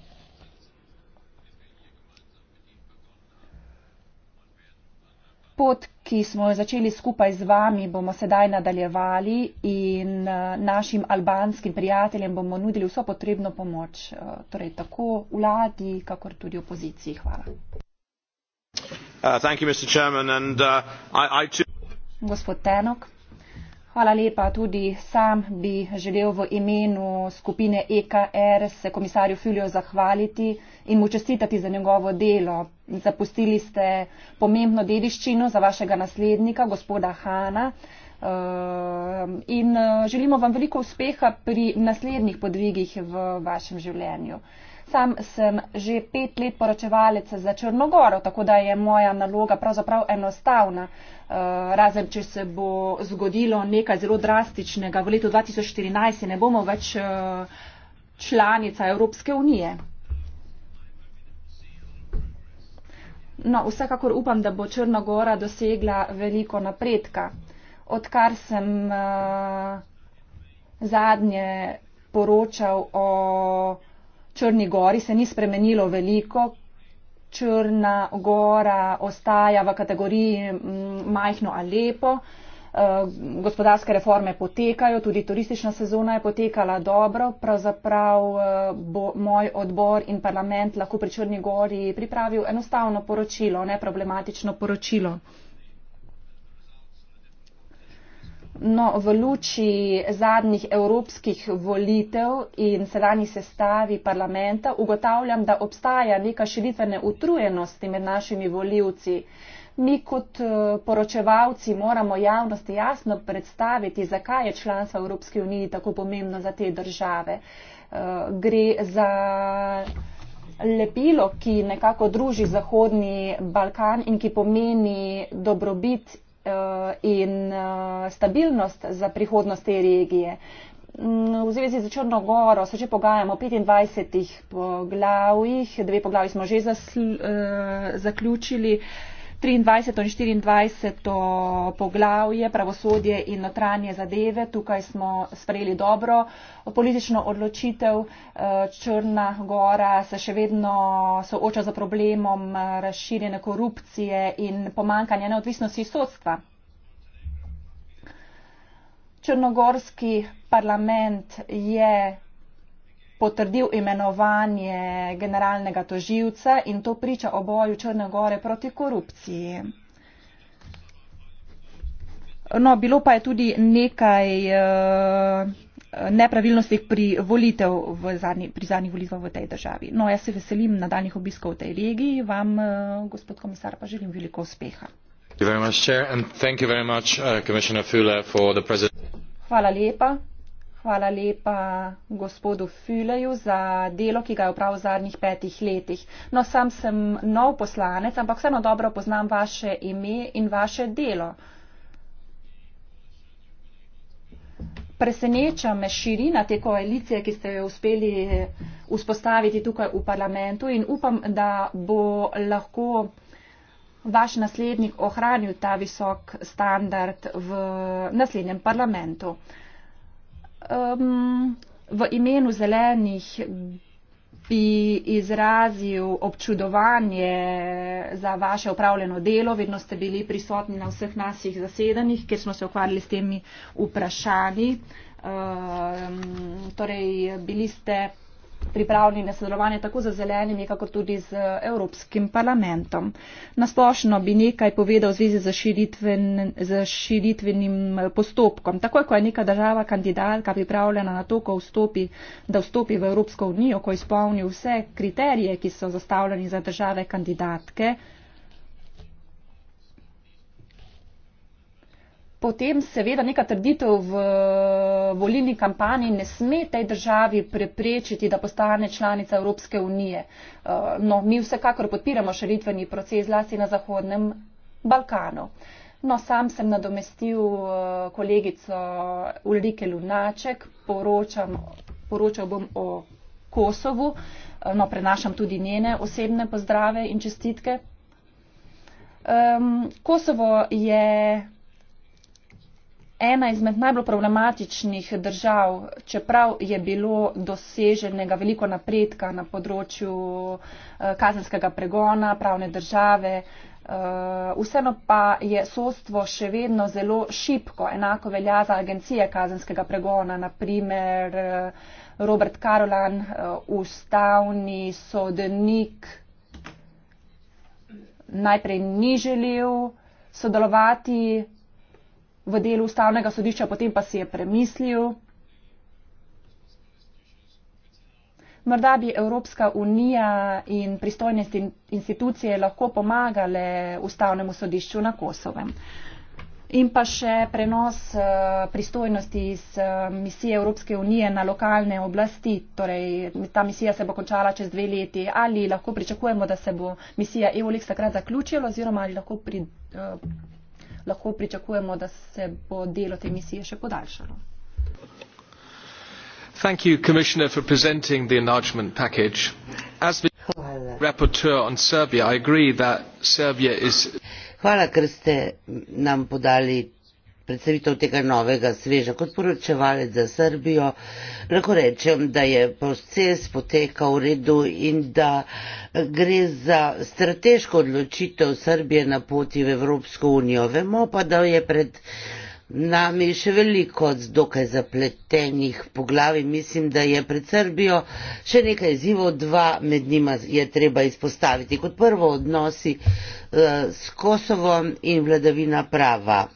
Pot, ki smo jo začeli skupaj z vami, bomo sedaj nadaljevali in eh, našim albanskim prijateljem bomo nudili vso potrebno pomoč, eh, torej tako vladi, kakor tudi opoziciji. Hvala. Uh, you, and, uh, I, I... Gospod Tenok. Hvala lepa. Tudi sam bi želel v imenu skupine EKR se komisarju Filijo zahvaliti in mu čestitati za njegovo delo. Zapustili ste pomembno dediščino za vašega naslednika, gospoda Hana. Ehm, in eh, želimo vam veliko uspeha pri naslednjih podvigih v vašem življenju. Sam sem že pet let poročevalec za Črnogoro, tako da je moja naloga pravzaprav enostavna. Eh, razen, če se bo zgodilo nekaj zelo drastičnega v letu 2014, ne bomo več eh, članica Evropske unije. No, vsekakor upam, da bo Črnogora dosegla veliko napredka. Odkar sem uh, zadnje poročal o Črni gori se ni spremenilo veliko. Črna gora ostaja v kategoriji mm, majhno ali lepo. Eh, gospodarske reforme potekajo, tudi turistična sezona je potekala dobro. Pravzaprav eh, bo moj odbor in parlament lahko pri Črni gori pripravil enostavno poročilo, neproblematično poročilo. No, v luči zadnjih evropskih volitev in sedanji sestavi parlamenta ugotavljam, da obstaja neka širitvene utrujenosti med našimi voljivci. Mi kot eh, poročevalci moramo javnosti jasno predstaviti, zakaj je članstvo Evropske unije tako pomembno za te države. Eh, gre za lepilo, ki nekako druži Zahodni Balkan in ki pomeni dobrobit Eh, in eh, stabilnost za prihodnost te regije. Mm, v zvezi z Črno Goro se že pogajamo o 25 poglavjih, dve poglavji smo že eh, zaključili. Uh, 23. in 24. poglavje pravosodje in notranje zadeve. Tukaj smo sprejeli dobro politično odločitev. Eh, Črna gora se še vedno sooča za problemom eh, razširjene korupcije in pomankanja neodvisnosti sodstva. Črnogorski parlament je potrdil imenovanje generalnega toživca in to priča o boju Črne gore proti korupciji. No, bilo pa je tudi nekaj eh, nepravilnosti pri volitev v zadnji, pri zadnjih volitvah v tej državi. No, jaz se veselim nadaljnih obiskov v tej regiji, vam, eh, gospod komisar, pa želim veliko uspeha. Uh, Hvala lepa. Hvala lepa gospodu Füleju za delo, ki ga je upravil v zadnjih petih letih. No, sam sem nov poslanec, ampak vseeno dobro poznam vaše ime in vaše delo. Preseneča me širina te koalicije, ki ste jo uspeli vzpostaviti tukaj v parlamentu in upam, da bo lahko vaš naslednik ohranil ta visok standard v naslednjem parlamentu. Um, v imenu zelenih bi izrazil občudovanje za vaše upravljeno delo. Vedno ste bili prisotni na vseh naših zasedanjih, kjer smo se ukvarjali s temi vprašanji. Um, torej, bili ste pripravljeni na sodelovanje tako za zelenimi, kako tudi z Evropskim parlamentom. Nasplošno bi nekaj povedal v zvezi z, širitven, z širitvenim postopkom. Takoj, ko je neka država kandidatka pripravljena na to, vstopi, da vstopi v Evropsko unijo, ko izpolni vse kriterije, ki so zastavljeni za države kandidatke, potem seveda neka trditev v eh, volilni kampanji ne sme tej državi preprečiti, da postane članica Evropske unije. Eh, no, mi vsekakor podpiramo širitveni proces, zlasti na Zahodnem Balkanu. No, sam sem nadomestil eh, kolegico Ulrike Lunaček, poročam, poročal bom o Kosovu, no, prenašam tudi njene osebne pozdrave in čestitke. Um, Kosovo je ena izmed najbolj problematičnih držav, čeprav je bilo doseženega veliko napredka na področju eh, kazenskega pregona, pravne države. Eh, vseeno pa je sodstvo še vedno zelo šipko, enako velja za agencije kazenskega pregona, naprimer eh, Robert Karolan, ustavni sodnik, najprej ni želel sodelovati v delu ustavnega sodišča, potem pa si je premislil. Morda bi Evropska unija in pristojne institucije lahko pomagale ustavnemu sodišču na Kosovem. In pa še prenos eh, pristojnosti iz eh, misije Evropske unije na lokalne oblasti. Torej, ta misija se bo končala čez dve leti. Ali lahko pričakujemo, da se bo misija EOLIX takrat zaključila oziroma ali lahko pri, eh, lahko pričakujemo, da se bo delo te misije še podaljšalo. Thank you, Commissioner, for presenting the enlargement package. As the rapporteur on Serbia, I agree that Serbia is. Hvala, ker ste nam podali predstavitev tega novega sveža. Kot poročevalec za Srbijo lahko rečem, da je proces potekal v redu in da gre za strateško odločitev Srbije na poti v Evropsko unijo. Vemo pa, da je pred nami še veliko dokaj zapletenih poglavi. Mislim, da je pred Srbijo še nekaj izzivov, dva med njima je treba izpostaviti. Kot prvo odnosi uh, s Kosovom in vladavina prava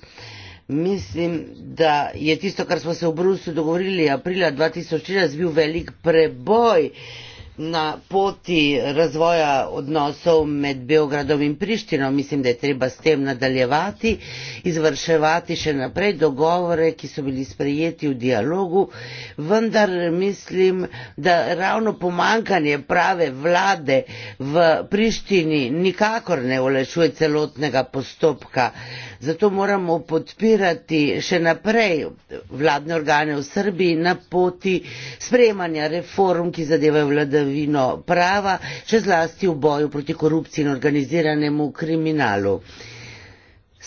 mislim, da je tisto, kar smo se v Bruslju dogovorili aprila 2014, bil velik preboj na poti razvoja odnosov med Beogradom in Prištino. Mislim, da je treba s tem nadaljevati, izvrševati še naprej dogovore, ki so bili sprejeti v dialogu, vendar mislim, da ravno pomankanje prave vlade v Prištini nikakor ne olešuje celotnega postopka. Uh, Zato moramo podpirati še naprej vladne organe v Srbiji na poti sprejemanja reform, ki zadevajo vladavino prava, še zlasti v boju proti korupciji in organiziranemu kriminalu.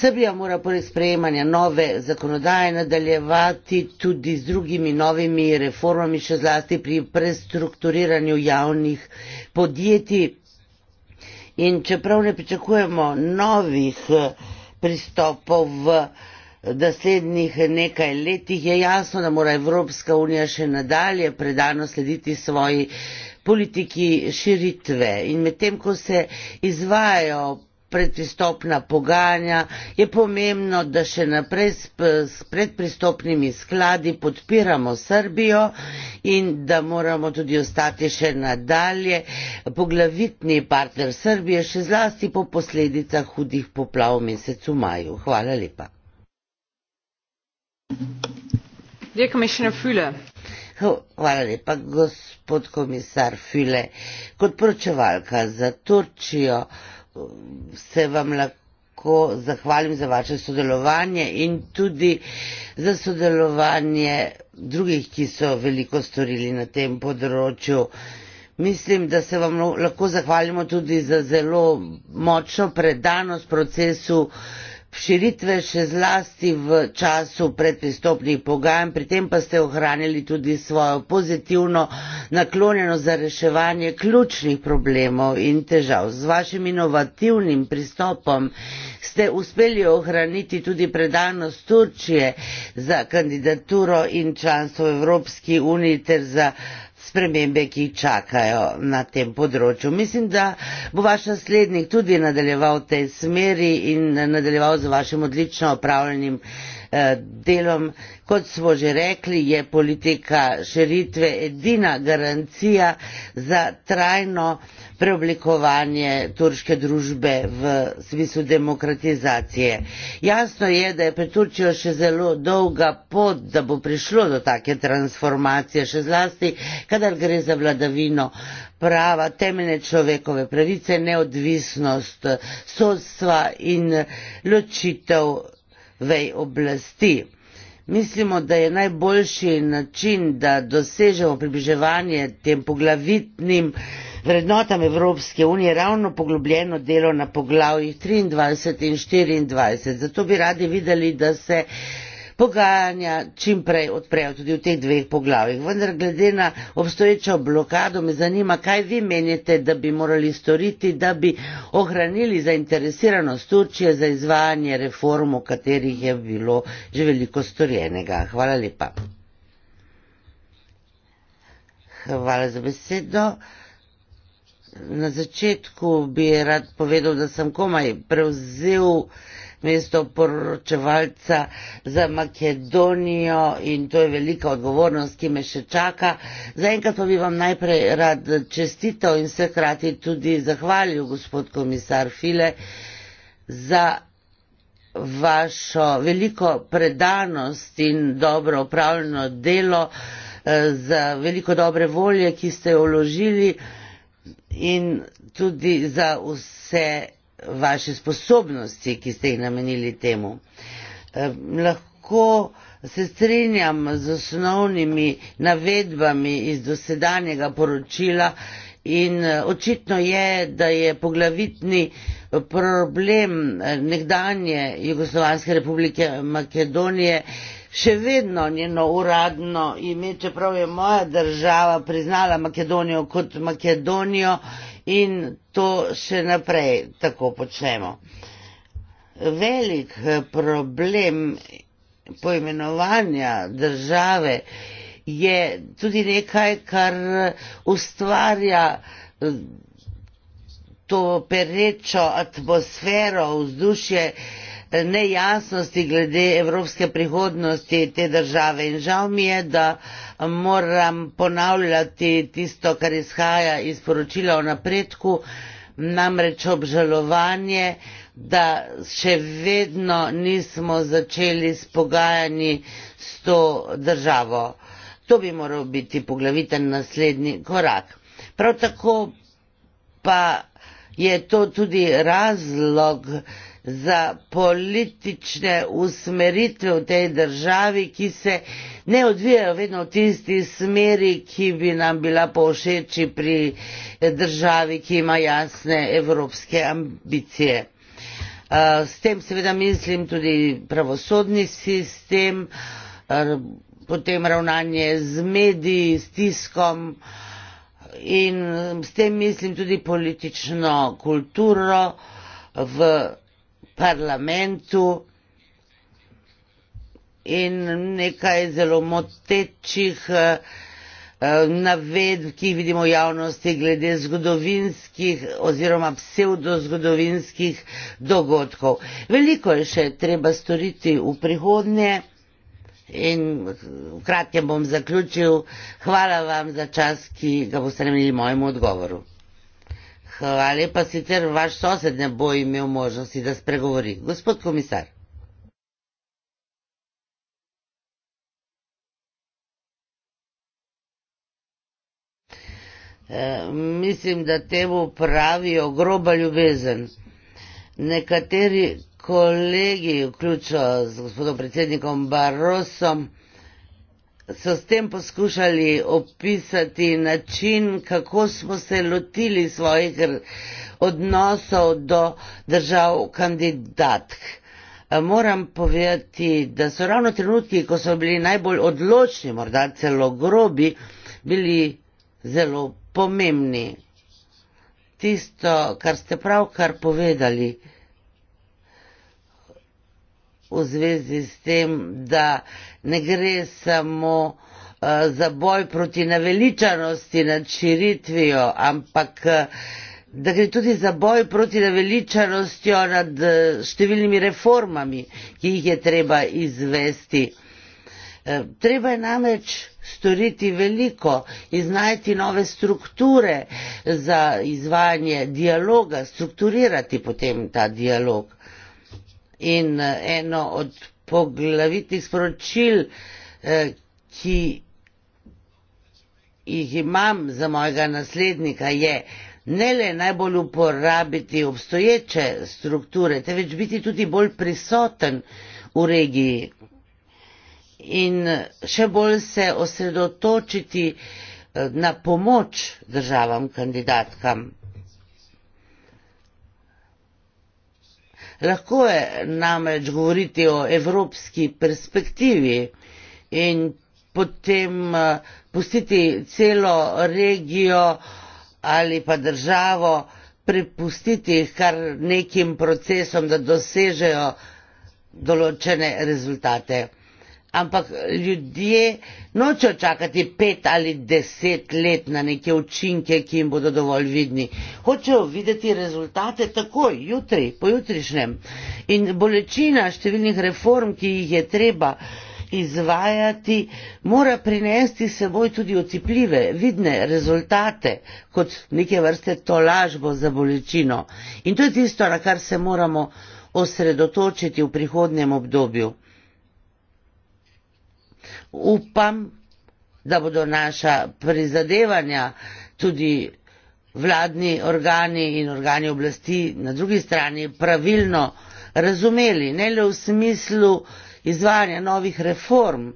Srbija mora poleg sprejemanja nove zakonodaje nadaljevati tudi z drugimi novimi reformami, še zlasti pri prestrukturiranju javnih podjetij. In čeprav ne pričakujemo novih eh, pristopov v naslednjih nekaj letih, je jasno, da mora Evropska unija še nadalje predano slediti svoji politiki širitve. In medtem, ko se izvajajo predpristopna pogajanja, je pomembno, da še naprej s predpristopnimi skladi podpiramo Srbijo in da moramo tudi ostati še nadalje poglavitni partner Srbije, še zlasti po posledicah hudih poplav v mesecu maju. Hvala lepa. Hvala lepa, gospod komisar File. Kot poročevalka za Turčijo, se vam lahko zahvalim za vaše sodelovanje in tudi za sodelovanje drugih, ki so veliko storili na tem področju. Mislim, da se vam lahko zahvalimo tudi za zelo močno predanost procesu širitve še zlasti v času predpristopnih pogajanj, pri tem pa ste ohranili tudi svojo pozitivno naklonjenost za reševanje ključnih problemov in težav. Z vašim inovativnim pristopom ste uspeli ohraniti tudi predanost Turčije za kandidaturo in članstvo v Evropski uniji ter za spremembe, ki čakajo na tem področju. Mislim, da bo vaš naslednik tudi nadaljeval v tej smeri in nadaljeval z vašim odlično opravljenim eh, delom. Kot smo že rekli, je politika širitve edina garancija za trajno preoblikovanje turške družbe v smislu demokratizacije. Jasno je, da je pred Turčijo še zelo dolga pot, da bo prišlo do take transformacije, še zlasti, kadar gre za vladavino prava, temeljne človekove pravice, neodvisnost sodstva in ločitev vej oblasti. Mislimo, da je najboljši način, da dosežemo približevanje tem poglavitnim vrednotam Evropske unije ravno poglobljeno delo na poglavjih 23 in 24. Zato bi radi videli, da se pogajanja čim prej odprejo tudi v teh dveh poglavjih. Vendar glede na obstoječo blokado me zanima, kaj vi menite, da bi morali storiti, da bi ohranili zainteresiranost Turčije za izvajanje reform, o katerih je bilo že veliko storjenega. Hvala lepa. Hvala za besedo. Na začetku bi rad povedal, da sem komaj prevzel mesto poročevalca za Makedonijo in to je velika odgovornost, ki me še čaka. Zaenkrat pa bi vam najprej rad čestital in se krati tudi zahvalil, gospod komisar File, za vašo veliko predanost in dobro opravljeno delo, eh, za veliko dobre volje, ki ste jo vložili in tudi za vse vaše sposobnosti, ki ste jih namenili temu. Lahko se strinjam z osnovnimi navedbami iz dosedanjega poročila in e, očitno je, da je poglavitni problem e, nekdanje Jugoslovanske republike Makedonije še vedno njeno uradno ime, čeprav je moja država priznala Makedonijo kot Makedonijo in to še naprej tako počnemo. Velik eh, problem poimenovanja države je tudi nekaj, kar eh, ustvarja eh, to perečo atmosfero vzdušje, nejasnosti glede evropske prihodnosti te države in žal mi je, da moram ponavljati tisto, kar izhaja iz poročila o napredku, namreč obžalovanje, da še vedno nismo začeli s pogajanji s to državo. To bi moral biti poglaviten naslednji korak. Prav tako pa je to tudi razlog, za politične usmeritve v tej državi, ki se ne odvijajo vedno v tisti smeri, ki bi nam bila povšeči pri državi, ki ima jasne evropske ambicije. Eh, s tem seveda mislim tudi pravosodni sistem, eh, potem ravnanje z mediji, s tiskom in s tem mislim tudi politično kulturo v parlamentu in nekaj zelo motečih eh, eh, navedb, ki jih vidimo v javnosti glede zgodovinskih oziroma pseudozgodovinskih dogodkov. Veliko je še treba storiti v prihodnje in vkratke bom zaključil. Hvala vam za čas, ki ga boste namenili mojemu odgovoru. Hvala pa sicer vaš sosed ne bo imel možnosti, da spregovori. Gospod komisar. E, mislim, da temu pravijo groba ljubezen. Nekateri kolegi, vključno z gospodom predsednikom Barosom, so s tem poskušali opisati način, kako smo se lotili svojih odnosov do držav kandidatk. Moram povedati, da so ravno trenutki, ko so bili najbolj odločni, morda celo grobi, bili zelo pomembni. Tisto, kar ste pravkar povedali, v zvezi s tem, da ne gre samo eh, za boj proti naveličanosti nad širitvijo, ampak eh, da gre tudi za boj proti naveličanostjo nad eh, številnimi reformami, ki jih je treba izvesti. Treba je namreč storiti veliko, iznajti nove strukture za izvajanje dialoga, strukturirati potem ta dialog in eh, eno od poglavitnih sporočil, eh, ki jih imam za mojega naslednika, je ne le najbolj uporabiti obstoječe strukture, teveč biti tudi bolj prisoten v regiji in še bolj se osredotočiti eh, na pomoč državam kandidatkam. Lahko je namreč govoriti o evropski perspektivi in potem eh, pustiti celo regijo ali pa državo, prepustiti kar nekim procesom, da dosežejo določene rezultate ampak ljudje nočejo čakati pet ali deset let na neke učinke, ki jim bodo dovolj vidni. Hočejo videti rezultate takoj, jutri, pojutrišnjem. In bolečina številnih reform, ki jih je treba izvajati, mora prinesti seboj tudi otipljive, vidne rezultate, kot neke vrste tolažbo za bolečino. In to je tisto, na kar se moramo osredotočiti v prihodnjem obdobju upam, da bodo naša prizadevanja tudi vladni organi in organi oblasti na drugi strani pravilno razumeli, ne le v smislu izvajanja novih reform,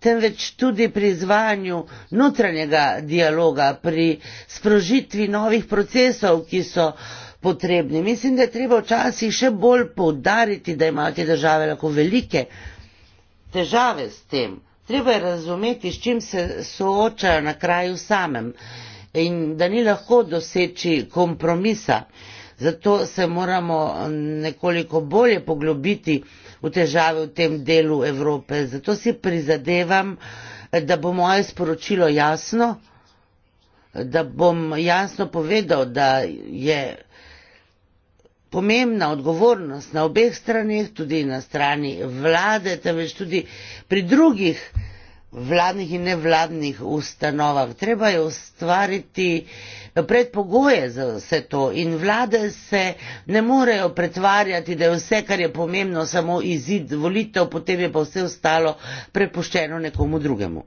temveč tudi pri izvajanju notranjega dialoga, pri sprožitvi novih procesov, ki so potrebni. Mislim, da je treba včasih še bolj poudariti, da imajo te države lahko velike težave s tem treba je razumeti, s čim se soočajo na kraju samem in da ni lahko doseči kompromisa. Zato se moramo nekoliko bolje poglobiti v težave v tem delu Evrope. Zato si prizadevam, da bo moje sporočilo jasno, da bom jasno povedal, da je pomembna odgovornost na obeh stranih, tudi na strani vlade, temveč tudi pri drugih vladnih in nevladnih ustanovah. Treba je ustvariti predpogoje za vse to in vlade se ne morejo pretvarjati, da je vse, kar je pomembno, samo izid volitev, potem je pa vse ostalo prepuščeno nekomu drugemu.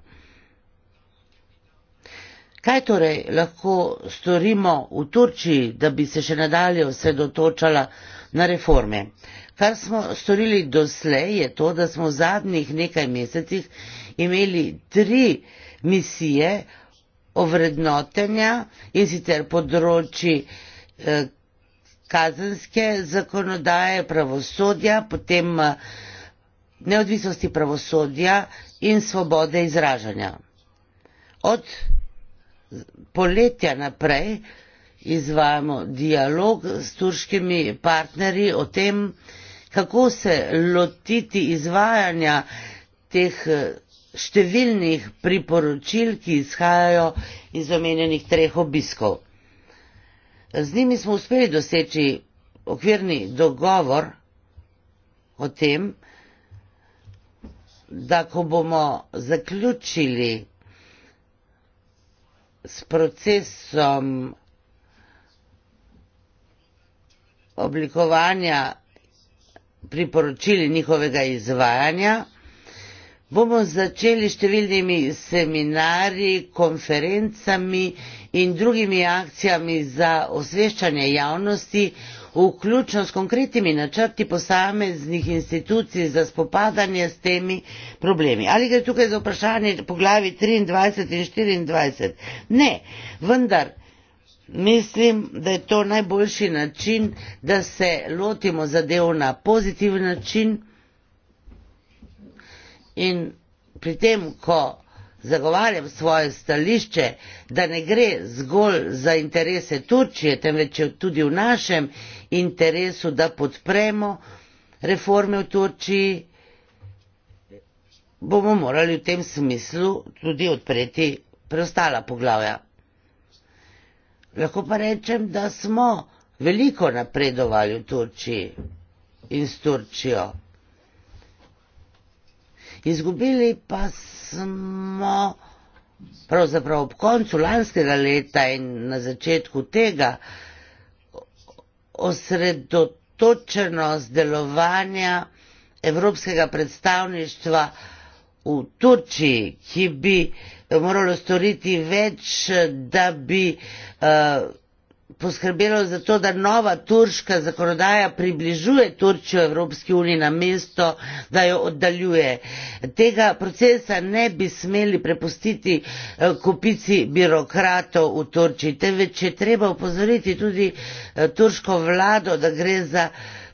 Kaj torej lahko storimo v Turčiji, da bi se še nadalje osredotočala na reforme? Kar smo storili doslej je to, da smo v zadnjih nekaj mesecih imeli tri misije ovrednotenja in sicer področji eh, kazenske zakonodaje, pravosodja, potem eh, neodvisnosti pravosodja in svobode izražanja. Od poletja naprej izvajamo dialog s turškimi partnerji o tem, kako se lotiti izvajanja teh eh, številnih priporočil, ki izhajajo iz omenjenih treh obiskov. Z njimi smo uspeli doseči okvirni dogovor o tem, da ko bomo zaključili s procesom oblikovanja priporočil njihovega izvajanja, bomo začeli številnimi seminarji, konferencami in drugimi akcijami za osveščanje javnosti vključno s konkretnimi načrti posameznih institucij za spopadanje s temi problemi. Ali gre tukaj za vprašanje poglavi 23 in 24? Ne, vendar mislim, da je to najboljši način, da se lotimo zadev na pozitiven način in pri tem, ko zagovarjam svoje stališče, da ne gre zgolj za interese Turčije, temveč je tudi v našem interesu, da podpremo reforme v Turčiji, bomo morali v tem smislu tudi odpreti preostala poglavja. Lahko pa rečem, da smo veliko napredovali v Turčiji in s Turčijo izgubili pa smo pravzaprav ob koncu lanskega leta in na začetku tega osredotočenost delovanja Evropskega predstavništva v Turčiji, ki bi moralo storiti več, da bi uh, poskrbelo za to, da nova turška zakonodaja približuje Turčijo Evropski uniji na mesto, da jo oddaljuje. Tega procesa ne bi smeli prepustiti eh, kupici birokratov v Turčiji, temveč je treba upozoriti tudi eh, turško vlado, da gre za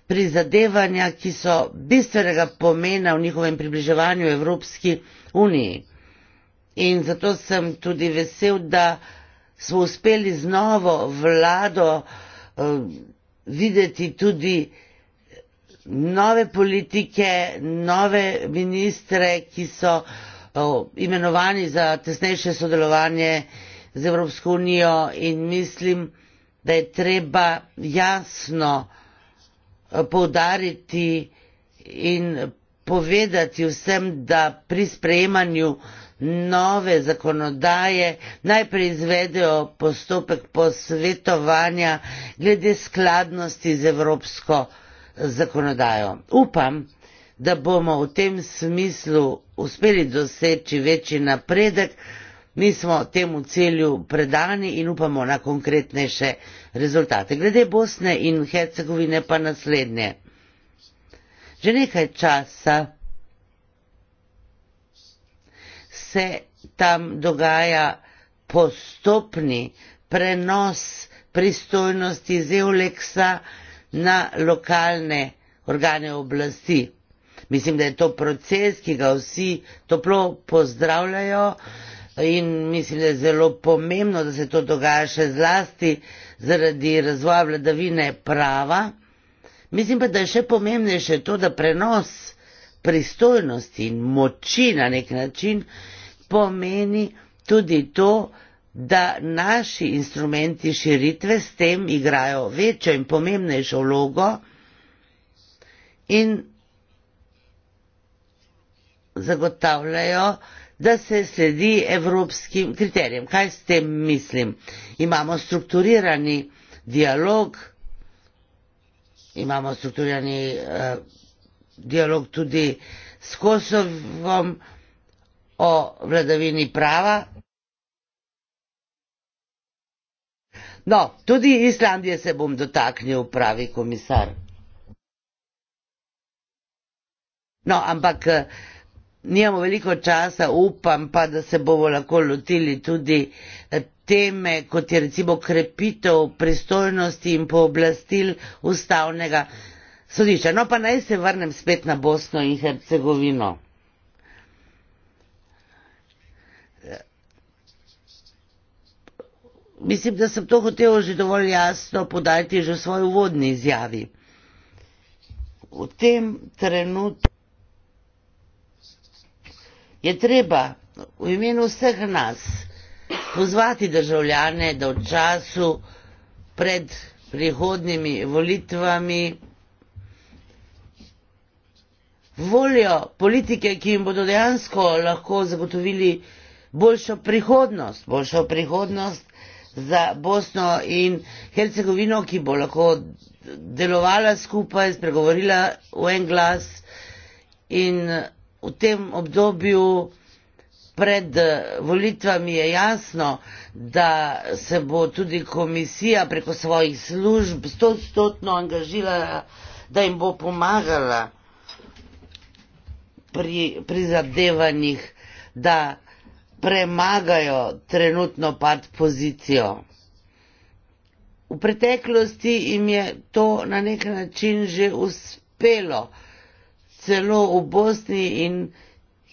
prizadevanja, ki so bistvenega pomena v njihovem približevanju Evropski uniji. In zato sem tudi vesel, da smo uspeli z novo vlado eh, videti tudi nove politike, nove ministre, ki so eh, imenovani za tesnejše sodelovanje z Evropsko unijo in mislim, da je treba jasno eh, poudariti in povedati vsem, da pri sprejemanju nove zakonodaje najprej izvedejo postopek posvetovanja glede skladnosti z evropsko zakonodajo. Upam, da bomo v tem smislu uspeli doseči večji napredek, mi smo temu celju predani in upamo na konkretnejše rezultate. Glede Bosne in Hercegovine pa naslednje. Že nekaj časa se tam dogaja postopni prenos pristojnosti iz Euleksa na lokalne organe oblasti. Mislim, da je to proces, ki ga vsi toplo pozdravljajo in mislim, da je zelo pomembno, da se to dogaja še zlasti zaradi razvoja vladavine prava. Mislim pa, da je še pomembnejše to, da prenos pristojnosti in moči na nek način pomeni tudi to, da naši instrumenti širitve s tem igrajo večjo in pomembnejšo vlogo in zagotavljajo, da se sledi evropskim kriterijem. Kaj s tem mislim? Imamo strukturirani dialog, imamo strukturirani eh, dialog tudi s Kosovom, o vladavini prava. No, tudi Islandije se bom dotaknil, pravi komisar. No, ampak eh, nijamo veliko časa, upam pa, da se bomo lahko lotili tudi eh, teme, kot je recimo krepitev pristojnosti in pooblastil ustavnega sodišča. No, pa naj se vrnem spet na Bosno in Hercegovino. Mislim, da sem to hotel že dovolj jasno podati že v svoji uvodni izjavi. V tem trenutku je treba v imenu vseh nas pozvati državljane, da v času pred prihodnimi volitvami volijo politike, ki jim bodo dejansko lahko zagotovili boljšo prihodnost, boljšo prihodnost za Bosno in Hercegovino, ki bo lahko delovala skupaj, spregovorila v en glas in v tem obdobju pred eh, volitvami je jasno, da se bo tudi komisija preko svojih služb stotstotno angažirala, da jim bo pomagala pri prizadevanjih, da premagajo trenutno pad pozicijo. V preteklosti jim je to na nek način že uspelo. Celo v Bosni in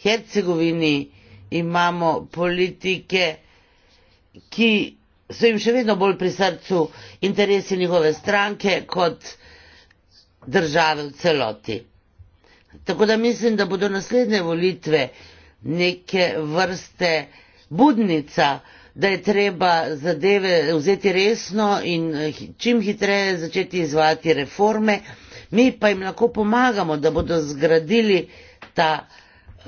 Hercegovini imamo politike, ki so jim še vedno bolj pri srcu interesi njihove stranke kot države v celoti. Tako da mislim, da bodo naslednje volitve neke vrste budnica, da je treba zadeve vzeti resno in eh, čim hitreje začeti izvajati reforme, mi pa jim lahko pomagamo, da bodo zgradili ta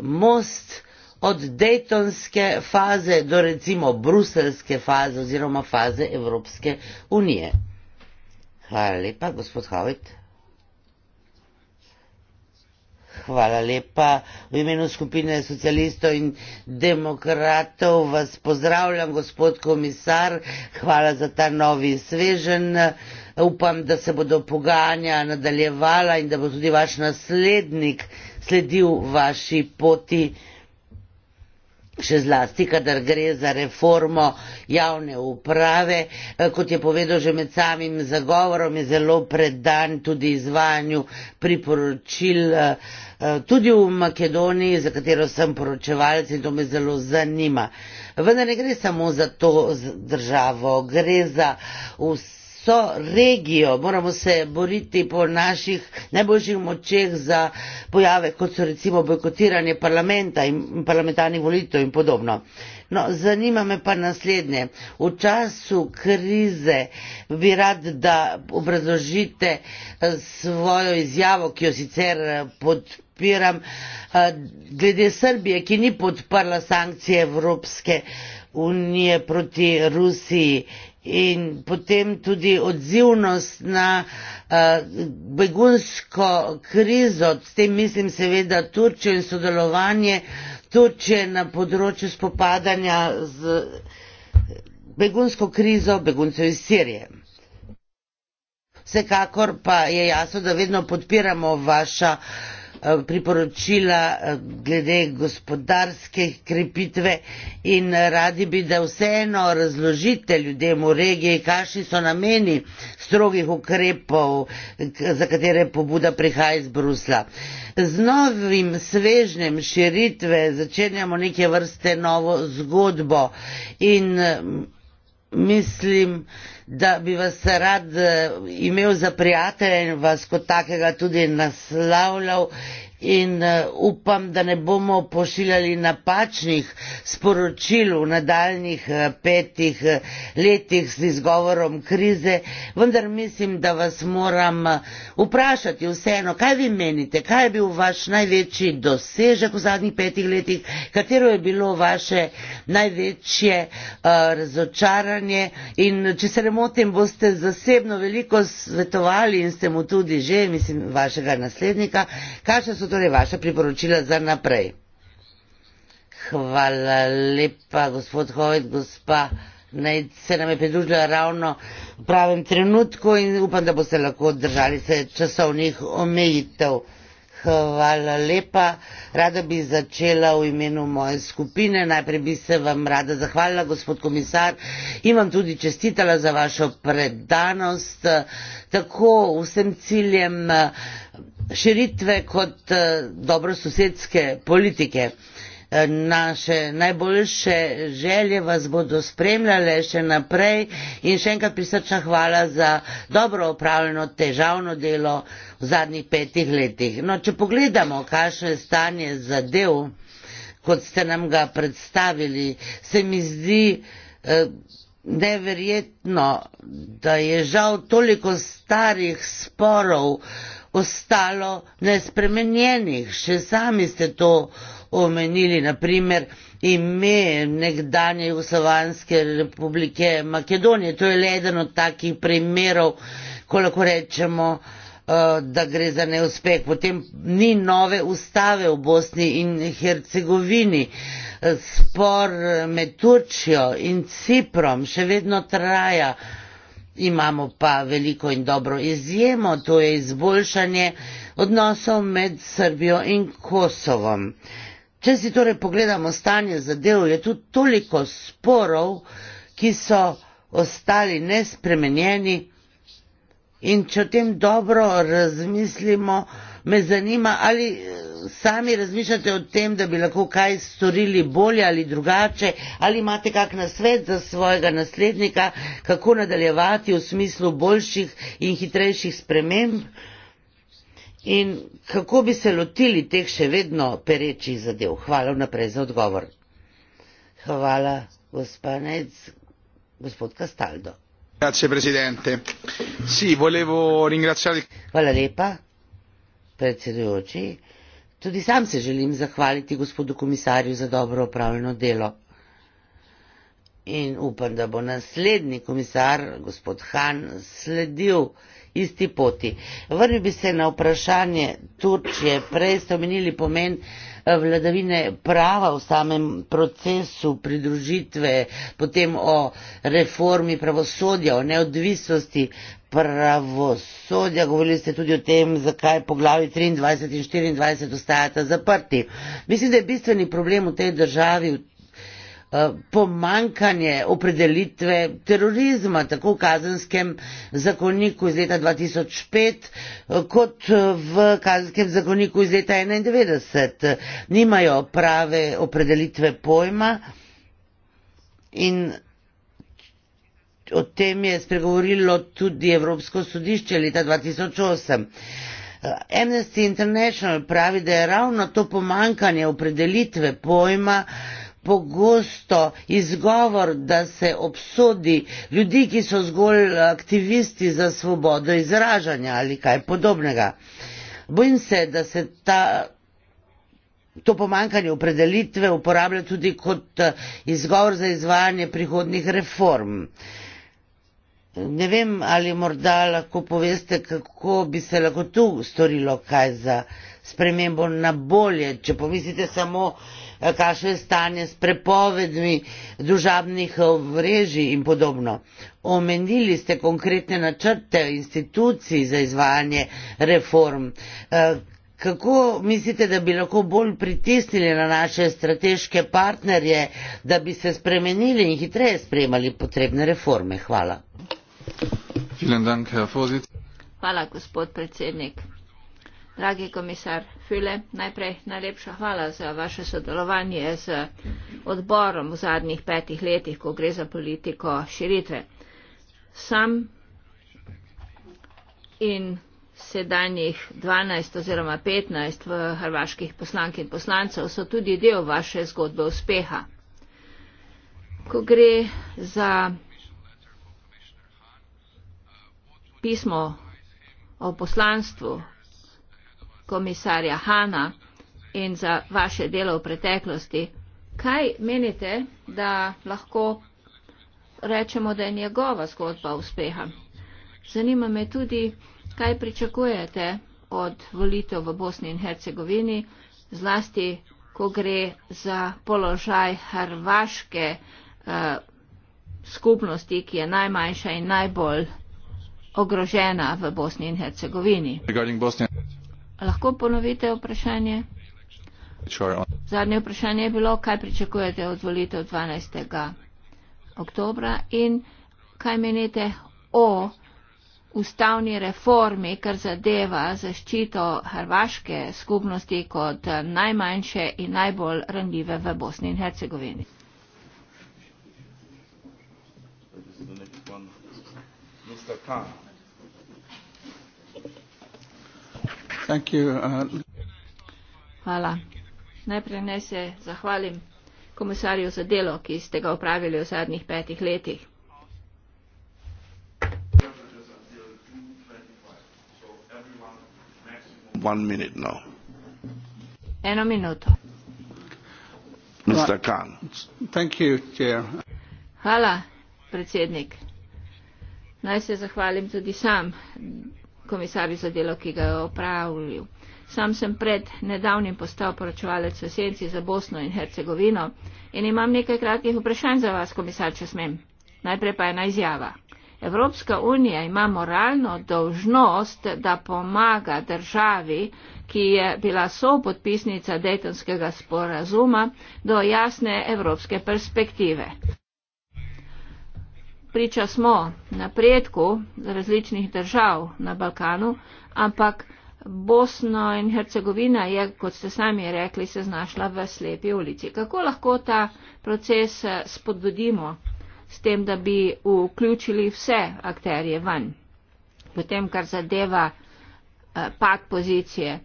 most od Daytonske faze do recimo Bruselske faze oziroma faze Evropske unije. Hvala lepa, gospod Hovit. Hvala lepa. V imenu skupine socialistov in demokratov vas pozdravljam, gospod komisar. Hvala za ta novi svežen. Upam, da se bodo pogajanja nadaljevala in da bo tudi vaš naslednik sledil vaši poti. Še zlasti, kadar gre za reformo javne uprave, kot je povedal že med samim zagovorom, je zelo predan tudi izvajanju priporočil Eh, tudi v Makedoniji, za katero sem poročevalc in to me zelo zanima. Vendar ne gre samo za to državo, gre za vso regijo. Moramo se boriti po naših najboljših močeh za pojave, kot so recimo bojkotiranje parlamenta in parlamentarnih volitev in podobno. No, zanima me pa naslednje. V času krize bi rad, da obrazložite eh, svojo izjavo, ki jo sicer eh, podpirate podpiram. Eh, glede Srbije, ki ni podprla sankcije Evropske unije proti Rusiji in potem tudi odzivnost na eh, begunsko krizo, s tem mislim seveda Turčijo in sodelovanje Turčije na področju spopadanja z begunsko krizo beguncev iz Sirije. Vsekakor pa je jasno, da vedno podpiramo vaša Eh, priporočila eh, glede gospodarske krepitve in eh, radi bi, da vseeno razložite ljudem v regiji, kakšni so nameni strogih ukrepov, za katere pobuda prihaja iz Brusla. Z novim svežnjem širitve začenjamo neke vrste novo zgodbo in mislim, da bi vas rad eh, imel za prijatelja in vas kot takega tudi naslavljal in eh, upam, da ne bomo pošiljali napačnih sporočil v nadaljnih eh, petih eh, letih z izgovorom krize, vendar mislim, da vas moram vprašati vseeno, kaj vi menite, kaj je bil vaš največji dosežek v zadnjih petih letih, katero je bilo vaše največje uh, razočaranje in če se ne motim, boste zasebno veliko svetovali in ste mu tudi že, mislim, vašega naslednika, kakšne so torej vaša priporočila za naprej. Hvala lepa, gospod Hovet, gospa. Naj se nam je pridružila ravno v pravem trenutku in upam, da boste lahko držali se časovnih omejitev. Hvala lepa. Rada bi začela v imenu moje skupine. Najprej bi se vam rada zahvalila, gospod komisar, in vam tudi čestitala za vašo predanost. Tako vsem ciljem uh, širitve kot eh, dobrososedske politike. Eh, naše najboljše želje vas bodo spremljale še naprej in še enkrat prisrčna hvala za dobro opravljeno težavno delo v zadnjih petih letih. No, če pogledamo, kakšno je stanje zadev, kot ste nam ga predstavili, se mi zdi eh, neverjetno, da je žal toliko starih sporov ostalo nespremenjenih. Še sami ste to omenili, naprimer ime nekdanje Jugoslovanske republike Makedonije. To je le eden od takih primerov, ko lahko rečemo, eh, da gre za neuspeh. Potem ni nove ustave v Bosni in Hercegovini. Spor med Turčijo in Ciprom še vedno traja. Imamo pa veliko in dobro izjemo, to je izboljšanje odnosov med Srbijo in Kosovom. Če si torej pogledamo stanje zadev, je tu toliko sporov, ki so ostali nespremenjeni in če o tem dobro razmislimo, me zanima, ali sami razmišljate o tem, da bi lahko kaj storili bolje ali drugače, ali imate kak na svet za svojega naslednika, kako nadaljevati v smislu boljših in hitrejših sprememb in kako bi se lotili teh še vedno perečih zadev. Hvala vnaprej za odgovor. Hvala, gospanec, gospod Kastaldo. Grazie, presidente. Sì, volevo ringraziare. Hvala lepa, predsedujoči. Tudi sam se želim zahvaliti gospodu komisarju za dobro opravljeno delo. In upam, da bo naslednji komisar, gospod Han, sledil isti poti. Vrnil bi se na vprašanje Turčije. Prej ste omenili pomen eh, vladavine prava v samem procesu pridružitve, potem o reformi pravosodja, o neodvisnosti pravosodja, govorili ste tudi o tem, zakaj poglavi 23 in 24 ostajata zaprti. Mislim, da je bistveni problem v tej državi eh, pomankanje opredelitve terorizma, tako v kazenskem zakoniku iz leta 2005, eh, kot eh, v kazenskem zakoniku iz leta 1991. Nimajo prave opredelitve pojma in o tem je spregovorilo tudi Evropsko sodišče leta 2008. Amnesty International pravi, da je ravno to pomankanje opredelitve pojma pogosto izgovor, da se obsodi ljudi, ki so zgolj aktivisti za svobodo izražanja ali kaj podobnega. Bojim se, da se ta, to pomankanje opredelitve uporablja tudi kot eh, izgovor za izvajanje prihodnih reform. Uh, Ne vem, ali morda lahko poveste, kako bi se lahko tu storilo kaj za spremembo na bolje, če pomislite samo, eh, kakšno je stanje s prepovedmi družabnih vrežij eh, in podobno. Omenili ste konkretne načrte institucij za izvajanje reform. Eh, kako mislite, da bi lahko bolj pritisnili na naše strateške partnerje, da bi se spremenili in hitreje sprejemali potrebne reforme? Hvala. Hvala, gospod predsednik. Dragi komisar File, najprej najlepša hvala za vaše sodelovanje z odborom v zadnjih petih letih, ko gre za politiko širitve. Sam in sedanjih 12 oziroma 15 v hrvaških poslank in poslancev so tudi del vaše zgodbe uspeha. Ko gre za pismo o poslanstvu komisarja Hana in za vaše delo v preteklosti. Kaj menite, da lahko rečemo, da je njegova zgodba uspeha? Zanima me tudi, kaj pričakujete od volitev v Bosni in Hercegovini, zlasti, ko gre za položaj hrvaške uh, skupnosti, ki je najmanjša in najbolj ogrožena v Bosni in Hercegovini. Lahko ponovite vprašanje? Zadnje vprašanje je bilo, kaj pričakujete od volitev 12. oktobra in kaj menite o ustavni reformi, kar zadeva zaščito hrvaške skupnosti kot najmanjše in najbolj randljive v Bosni in Hercegovini. Mr. Khan. Uh, Hvala. Najprej naj se zahvalim komisarju za delo, ki ste ga upravili v zadnjih petih letih. Eno minuto. Hvala, predsednik. Naj se zahvalim tudi sam komisarju za delo, ki ga je opravljal. Sam sem pred nedavnim postal poročevalec v Senci za Bosno in Hercegovino in imam nekaj kratkih vprašanj za vas, komisar, če smem. Najprej pa ena izjava. Evropska unija ima moralno dolžnost, da pomaga državi, ki je bila sopodpisnica Dejtonskega sporazuma, do jasne evropske perspektive priča smo napredku različnih držav na Balkanu, ampak Bosno in Hercegovina je, kot ste sami rekli, se znašla v slepi ulici. Kako lahko ta proces eh, spodbudimo s tem, da bi vključili vse akterje ven? Potem, kar zadeva eh, pak pozicije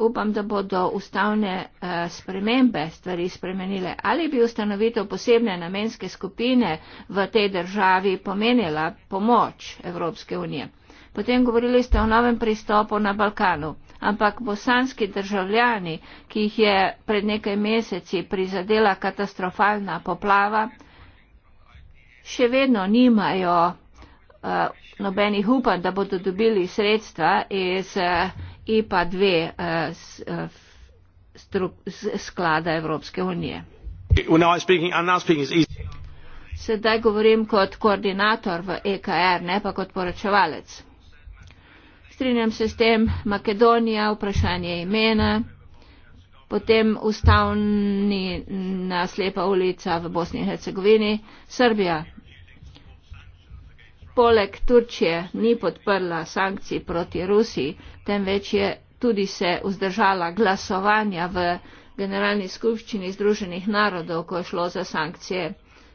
upam, da bodo ustavne eh, spremembe stvari spremenile. Ali bi ustanovitev posebne namenske skupine v tej državi pomenila pomoč Evropske unije? Potem govorili ste o novem pristopu na Balkanu, ampak bosanski državljani, ki jih je pred nekaj meseci prizadela katastrofalna poplava, še vedno nimajo uh, nobenih upanj, da bodo dobili sredstva iz. Uh, IPA e 2 eh, eh, sklada Evropske unije. E Sedaj govorim kot koordinator v EKR, ne pa kot poročevalec. Strinjam se s tem, Makedonija, vprašanje imena, potem ustavni naslepa ulica v Bosni in Hercegovini, Srbija, poleg Turčije ni podprla sankcij proti Rusiji, temveč je tudi se vzdržala glasovanja v Generalni skupščini Združenih narodov, ko je šlo za sankcije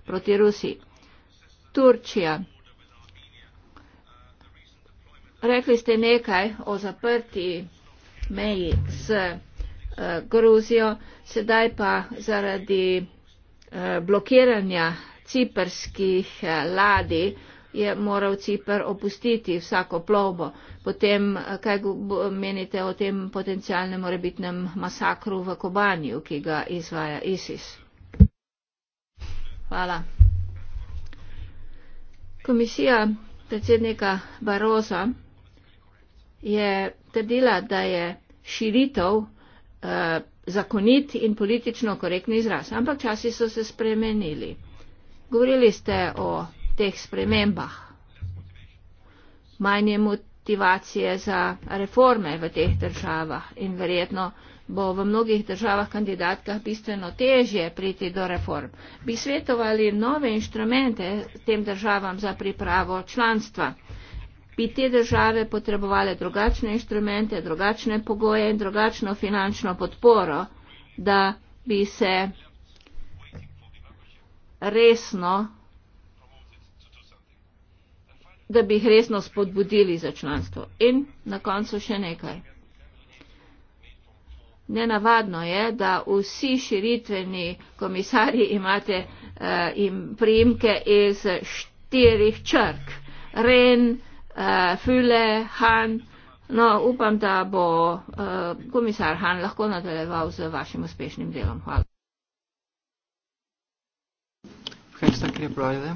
proti Rusiji. Turčija. Rekli ste nekaj o zaprti meji z uh, eh, Gruzijo, sedaj pa zaradi uh, blokiranja ciperskih uh, eh, ladij, je moral Cipr opustiti vsako plovbo. Potem, kaj menite o tem potencijalnem morebitnem masakru v Kobanju, ki ga izvaja ISIS? Hvala. Komisija predsednika Baroza je trdila, da je širitev eh, zakonit in politično korektni izraz, ampak časi so se spremenili. Govorili ste o teh spremembah. Manje motivacije za reforme v teh državah in verjetno bo v mnogih državah kandidatkah bistveno težje priti do reform. Bi svetovali nove inštrumente tem državam za pripravo članstva. Bi te države potrebovali drugačne inštrumente, drugačne pogoje in drugačno finančno podporo, da bi se resno da bi jih resno spodbudili za članstvo. In na koncu še nekaj. Nenavadno je, da vsi širitveni komisarji imate uh, im, prijimke iz štirih črk. Ren, uh, Füle, Han. No, upam, da bo uh, komisar Han lahko nadaljeval z vašim uspešnim delom. Hvala. Thanks, thank you, brother.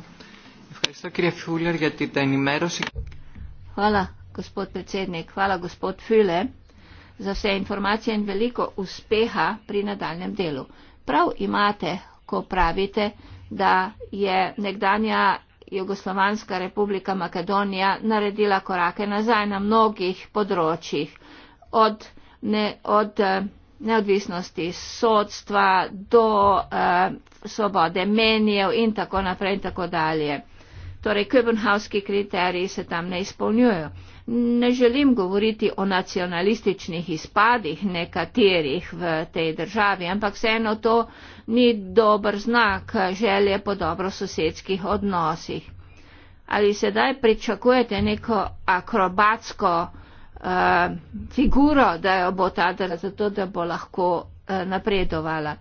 Hvala, gospod predsednik. Hvala, gospod File, za vse informacije in veliko uspeha pri nadaljem delu. Prav imate, ko pravite, da je nekdanja Jugoslovanska republika Makedonija naredila korake nazaj na mnogih področjih. Od, ne, od eh, neodvisnosti sodstva do uh, svobode menijev in tako naprej in tako dalje. Torej, kubenhavski kriteriji se tam ne izpolnjujejo. Ne želim govoriti o nacionalističnih izpadih nekaterih v tej državi, ampak vseeno to ni dober znak želje po dobrososedskih odnosih. Ali sedaj pričakujete neko akrobatsko uh, figuro, da jo bo ta država zato, da bo lahko uh, napredovala?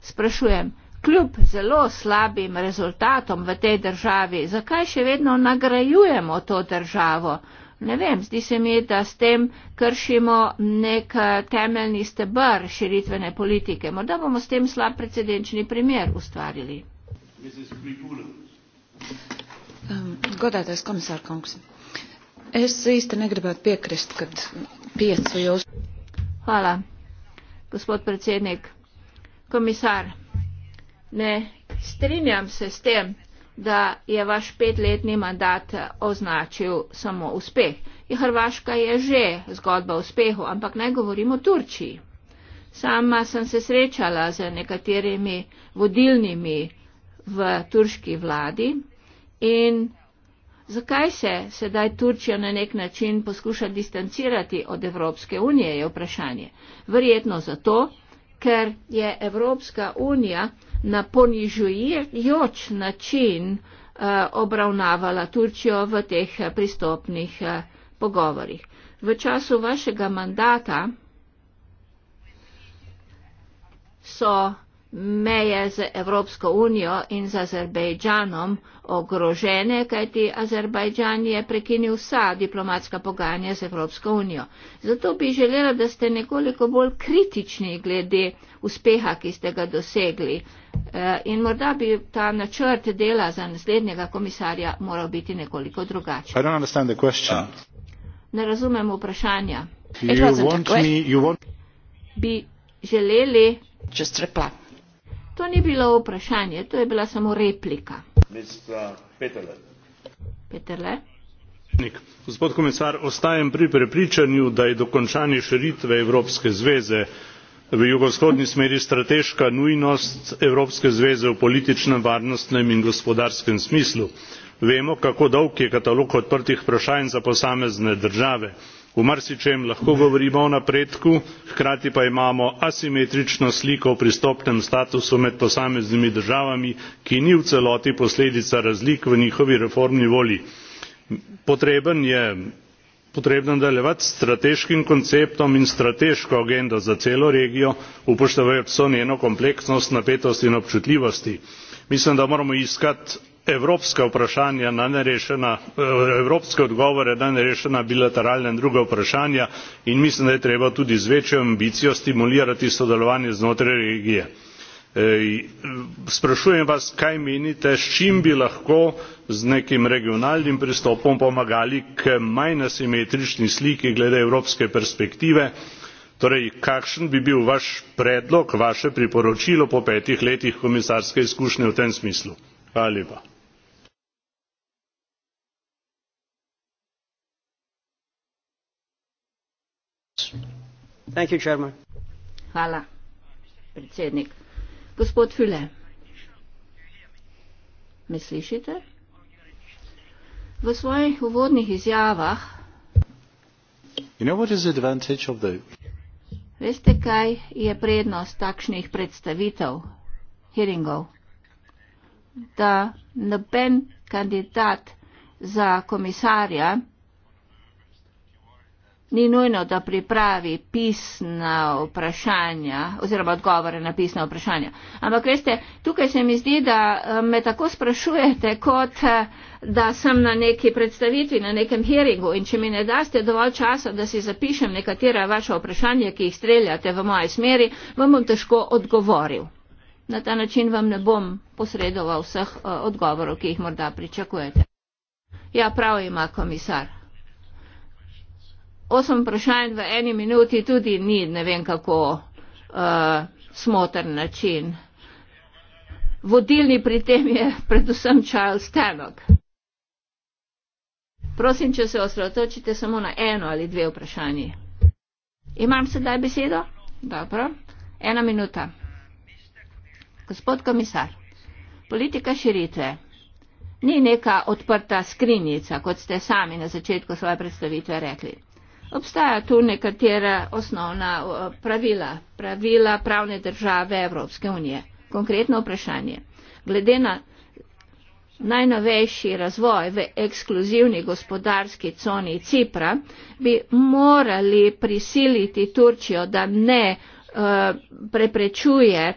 Sprašujem kljub zelo slabim rezultatom v tej državi, zakaj še vedno nagrajujemo to državo? Ne vem, zdi se mi, da s tem kršimo nek eh, temeljni stebr širitvene politike. Morda bomo s tem slab precedenčni primer ustvarili. Um, godātais komisārkungs, es īsti negribētu piekrist, kad piecu jūs. Hvala, gospod predsēdnik. Komisār. Ne strinjam se s tem, da je vaš petletni mandat eh, označil samo uspeh. Hrvaška je že zgodba o uspehu, ampak naj govorimo o Turčiji. Sama sem se srečala z nekaterimi vodilnimi v turški vladi in zakaj se sedaj Turčija na nek način poskuša distancirati od Evropske unije, je vprašanje. Verjetno zato, ker je Evropska unija na ponižujoč način eh, obravnavala Turčijo v teh eh, pristopnih eh, pogovorih. V času vašega mandata so meje z Evropsko unijo in z Azerbejdžanom ogrožene, kajti Azerbejdžan je prekinil vsa diplomatska pogajanja z Evropsko unijo. Zato bi želela, da ste nekoliko bolj kritični glede uspeha, ki ste ga dosegli. Eh, in morda bi ta načrt dela za naslednjega komisarja moral biti nekoliko drugačen. Ne razumem vprašanja. Want... Bi želeli. Just reply. To ni bilo vprašanje, to je bila samo replika. Peterle. Gospod komisar, ostajam pri prepričanju, da je dokončanje širitve Evropske zveze v jugovzhodni smeri strateška nujnost Evropske zveze v političnem, varnostnem in gospodarskem smislu. Vemo, kako dolg je katalog odprtih vprašanj za posamezne države v marsičem lahko govorimo o napredku hkrati pa imamo asimetrično sliko o pristopnem statusu med posameznimi državami ki ni v celoti posledica razlik v njihovi reformni volji. potreben je potrebno nadaljevati s strateškim konceptom in strateško agendo za celo regijo upoštevajoč vso njeno kompleksnost napetost in občutljivosti. mislim da moramo iskati evropska vprašanja na nerešena eh, evropske odgovore na nerešena bilateralna in druga vprašanja in mislim da je treba tudi z večjo ambicijo stimulirati sodelovanje znotraj regije. Eh, eh, sprašujem vas kaj menite s čim bi lahko z nekim regionalnim pristopom pomagali k manj asimetrični sliki glede evropske perspektive torej kakšen bi bil vaš predlog vaše priporočilo po petih letih komisarske izkušnje v tem smislu? Hvala, predsednik. Gospod File, me slišite? V svojih uvodnih izjavah you know the... veste, kaj je prednost takšnih predstavitev, hearingov, da noben kandidat za komisarja ni nujno, da pripravi pisna vprašanja oziroma odgovore na pisna vprašanja. Ampak veste, tukaj se mi zdi, da eh, me tako sprašujete, kot eh, da sem na neki predstavitvi, na nekem hearingu in če mi ne daste dovolj časa, da si zapišem nekatera vaša vprašanja, ki jih streljate v moje smeri, vam bom težko odgovoril. Na ta način vam ne bom posredoval vseh eh, odgovorov, ki jih morda pričakujete. Ja, prav ima komisar osem vprašanj v eni minuti tudi ni, ne vem kako, uh, eh, smotr način. Vodilni pri tem je *laughs* predvsem Charles Tannock. Prosim, če se osredotočite samo na eno ali dve vprašanji. Imam sedaj besedo? Dobro. Ena minuta. Gospod komisar, politika širitve ni neka odprta skrinjica, kot ste sami na začetku svoje predstavitve rekli obstaja tu nekatera osnovna uh, pravila, pravila pravne države Evropske unije. Konkretno vprašanje. Glede na najnovejši razvoj v ekskluzivni gospodarski coni Cipra, bi morali prisiliti Turčijo, da ne uh, preprečuje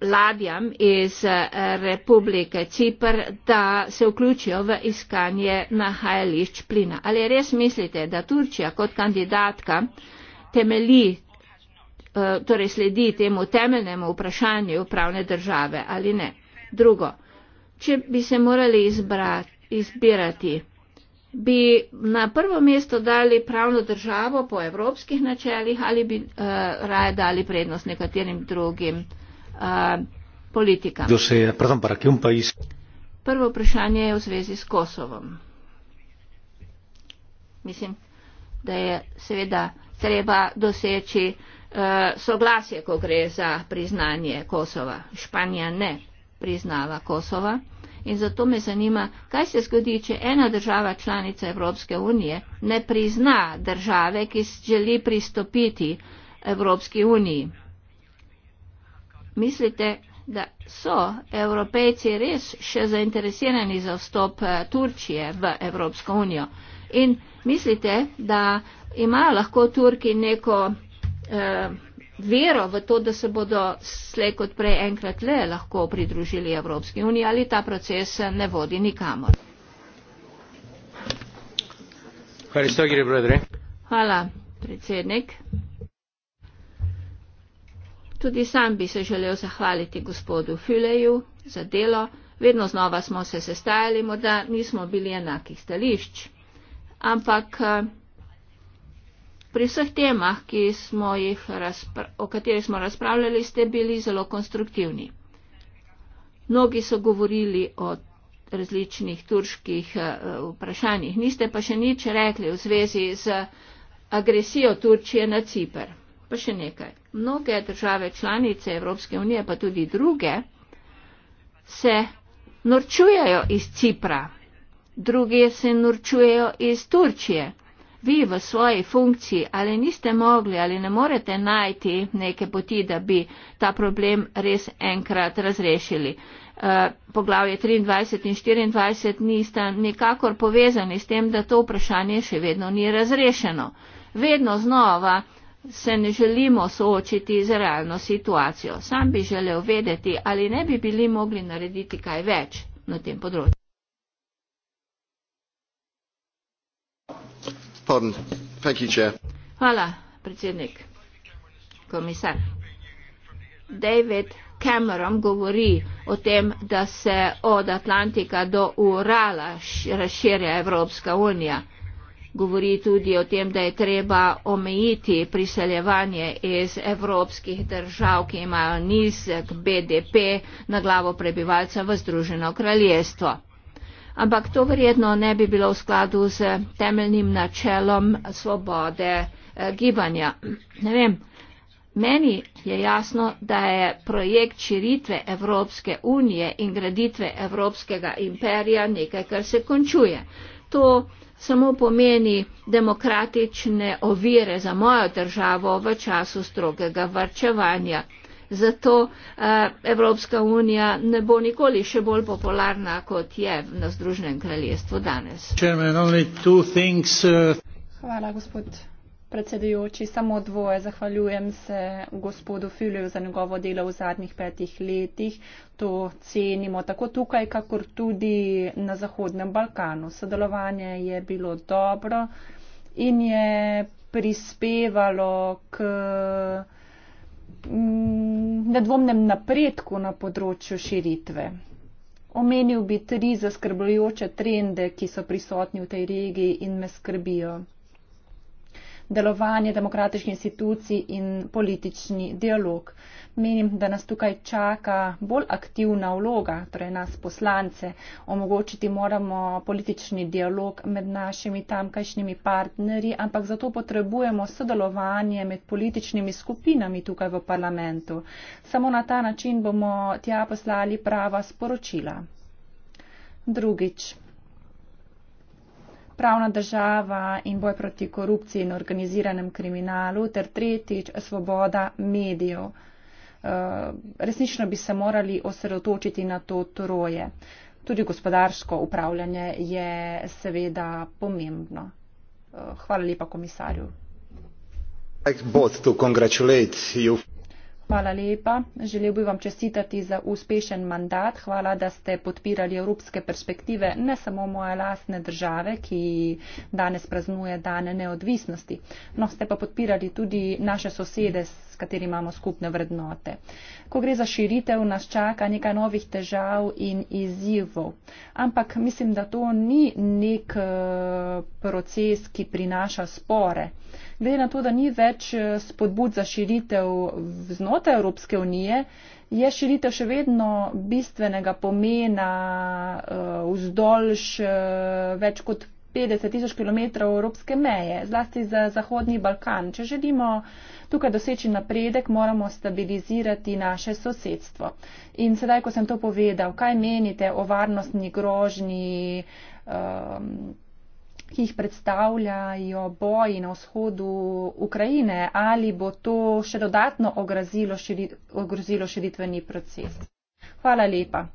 ladjam iz eh, Republike Cipr, da se vključijo v iskanje nahajališč plina. Ali res mislite, da Turčija kot kandidatka temelji, eh, torej sledi temu temeljnemu vprašanju pravne države ali ne? Drugo, če bi se morali izbrati, izbirati, bi na prvo mesto dali pravno državo po evropskih načelih ali bi uh, raje dali prednost nekaterim drugim? politika. Prvo vprašanje je v zvezi s Kosovom. Mislim, da je seveda treba doseči uh, soglasje, ko gre za priznanje Kosova. Španija ne priznava Kosova in zato me zanima, kaj se zgodi, če ena država članica Evropske unije ne prizna države, ki želi pristopiti Evropski uniji. Mislite, da so evropejci res še zainteresirani za vstop eh, Turčije v Evropsko unijo? In mislite, da ima lahko Turki neko eh, vero v to, da se bodo slej kot prej enkrat le lahko pridružili Evropski uniji ali ta proces ne vodi nikamor? Hvala, predsednik. Tudi sam bi se želel zahvaliti gospodu Fileju za delo, vedno znova smo se sestajali, morda nismo bili enakih stališč. Ampak eh, pri vseh temah, smo o katerih smo razpravljali, ste bili zelo konstruktivni. Mnogi so govorili o različnih turških eh, vprašanjih, niste pa še nič rekli v zvezi z agresijo Turčije na Cipr. Pa še nekaj. Mnoge države članice Evropske unije, pa tudi druge, se norčujejo iz Cipra, druge se norčujejo iz Turčije. Vi v svoji funkciji ali niste mogli ali ne morete najti neke poti, da bi ta problem res enkrat razrešili. Eh, poglavje 23 in 24 nista nikakor povezani s tem, da to vprašanje še vedno ni razrešeno. Vedno znova se ne želimo soočiti z realno situacijo. Sam bi želel vedeti, ali ne bi bili mogli narediti kaj več na tem področju. Hvala, predsednik. Komisar. David Cameron govori o tem, da se od Atlantika do Urala razširja Evropska unija govori tudi o tem, da je treba omejiti priseljevanje iz evropskih držav, ki imajo nizek BDP na glavo prebivalca v Združeno kraljestvo. Ampak to verjetno ne bi bilo v skladu z temeljnim načelom svobode eh, gibanja. *clears throat* Ne vem, meni je jasno, da je projekt širitve Evropske unije in graditve Evropskega imperija nekaj, kar se končuje. To samo pomeni demokratične ovire za mojo državo v času strogega varčevanja. Zato eh, Evropska unija ne bo nikoli še bolj popularna, kot je na Združenem kraljestvu danes. Eh. Hvala, gospod predsedujoči, samo dvoje. Zahvaljujem se gospodu Filju za njegovo delo v zadnjih petih letih. To cenimo tako tukaj, kakor tudi na Zahodnem Balkanu. Sodelovanje je bilo dobro in je prispevalo k mm, nedvomnem napredku na področju širitve. Omenil bi tri zaskrbljujoče trende, ki so prisotni v tej regiji in me skrbijo delovanje demokratičnih institucij in politični dialog. Menim, da nas tukaj čaka bolj aktivna vloga, torej nas poslance. Omogočiti moramo politični dialog med našimi tamkajšnjimi partnerji, ampak zato potrebujemo sodelovanje med političnimi skupinami tukaj v parlamentu. Samo na ta način bomo tja poslali prava sporočila. Drugič pravna država in boj proti korupciji in organiziranem kriminalu, ter tretjič svoboda medijev. Eh, resnično bi se morali osredotočiti na to troje. Tudi gospodarsko upravljanje je seveda pomembno. Eh, hvala lepa komisarju. Like both to congratulate you. Hvala lepa. Želel bi vam čestitati za uspešen mandat. Hvala, da ste podpirali evropske perspektive, ne samo moje lastne države, ki danes praznuje dane neodvisnosti, no ste pa podpirali tudi naše sosede, s kateri imamo skupne vrednote. Ko gre za širitev, nas čaka nekaj novih težav in izzivov. Ampak mislim, da to ni nek eh, proces, ki prinaša spore. Glede na to, da ni več eh, spodbud za širitev znotraj Evropske unije, je širitev še vedno bistvenega pomena eh, vzdolž eh, več kot 50 tisoč km Evropske meje, zlasti za Zahodni Balkan. Če želimo tukaj doseči napredek, moramo stabilizirati naše sosedstvo. In sedaj, ko sem to povedal, kaj menite o varnostni grožnji? Um, ki jih predstavljajo boji na vzhodu Ukrajine, ali bo to še dodatno ogrozilo, širi, ogrozilo širitveni proces. Hvala lepa.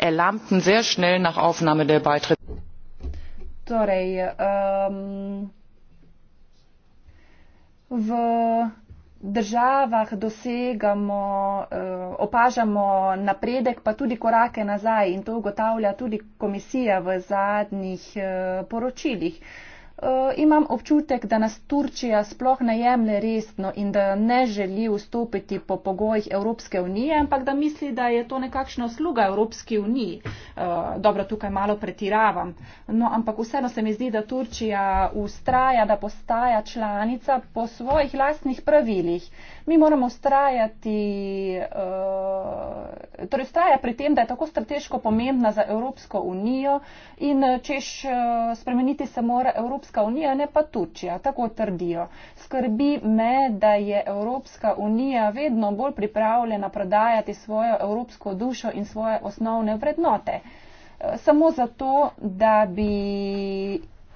Er torej, um, v državah dosegamo, eh, opažamo napredek, pa tudi korake nazaj in to ugotavlja tudi komisija v zadnjih eh, poročilih. Eh, imam občutek, da nas Turčija sploh ne jemlje resno in da ne želi vstopiti po pogojih Evropske unije, ampak da misli, da je to nekakšna usluga Evropski uniji. Eh, dobro, tukaj malo pretiravam, no, ampak vseeno se mi zdi, da Turčija ustraja, da postaja članica po svojih lastnih pravilih. Mi moramo ustrajati, eh, torej ustraja pri tem, da je tako strateško pomembna za Evropsko unijo in češ spremeniti se mora Evropska unija, Evropska unija, ne pa Turčija, tako trdijo. Skrbi me, da je Evropska unija vedno bolj pripravljena prodajati svojo evropsko dušo in svoje osnovne vrednote. Eh, samo zato, da bi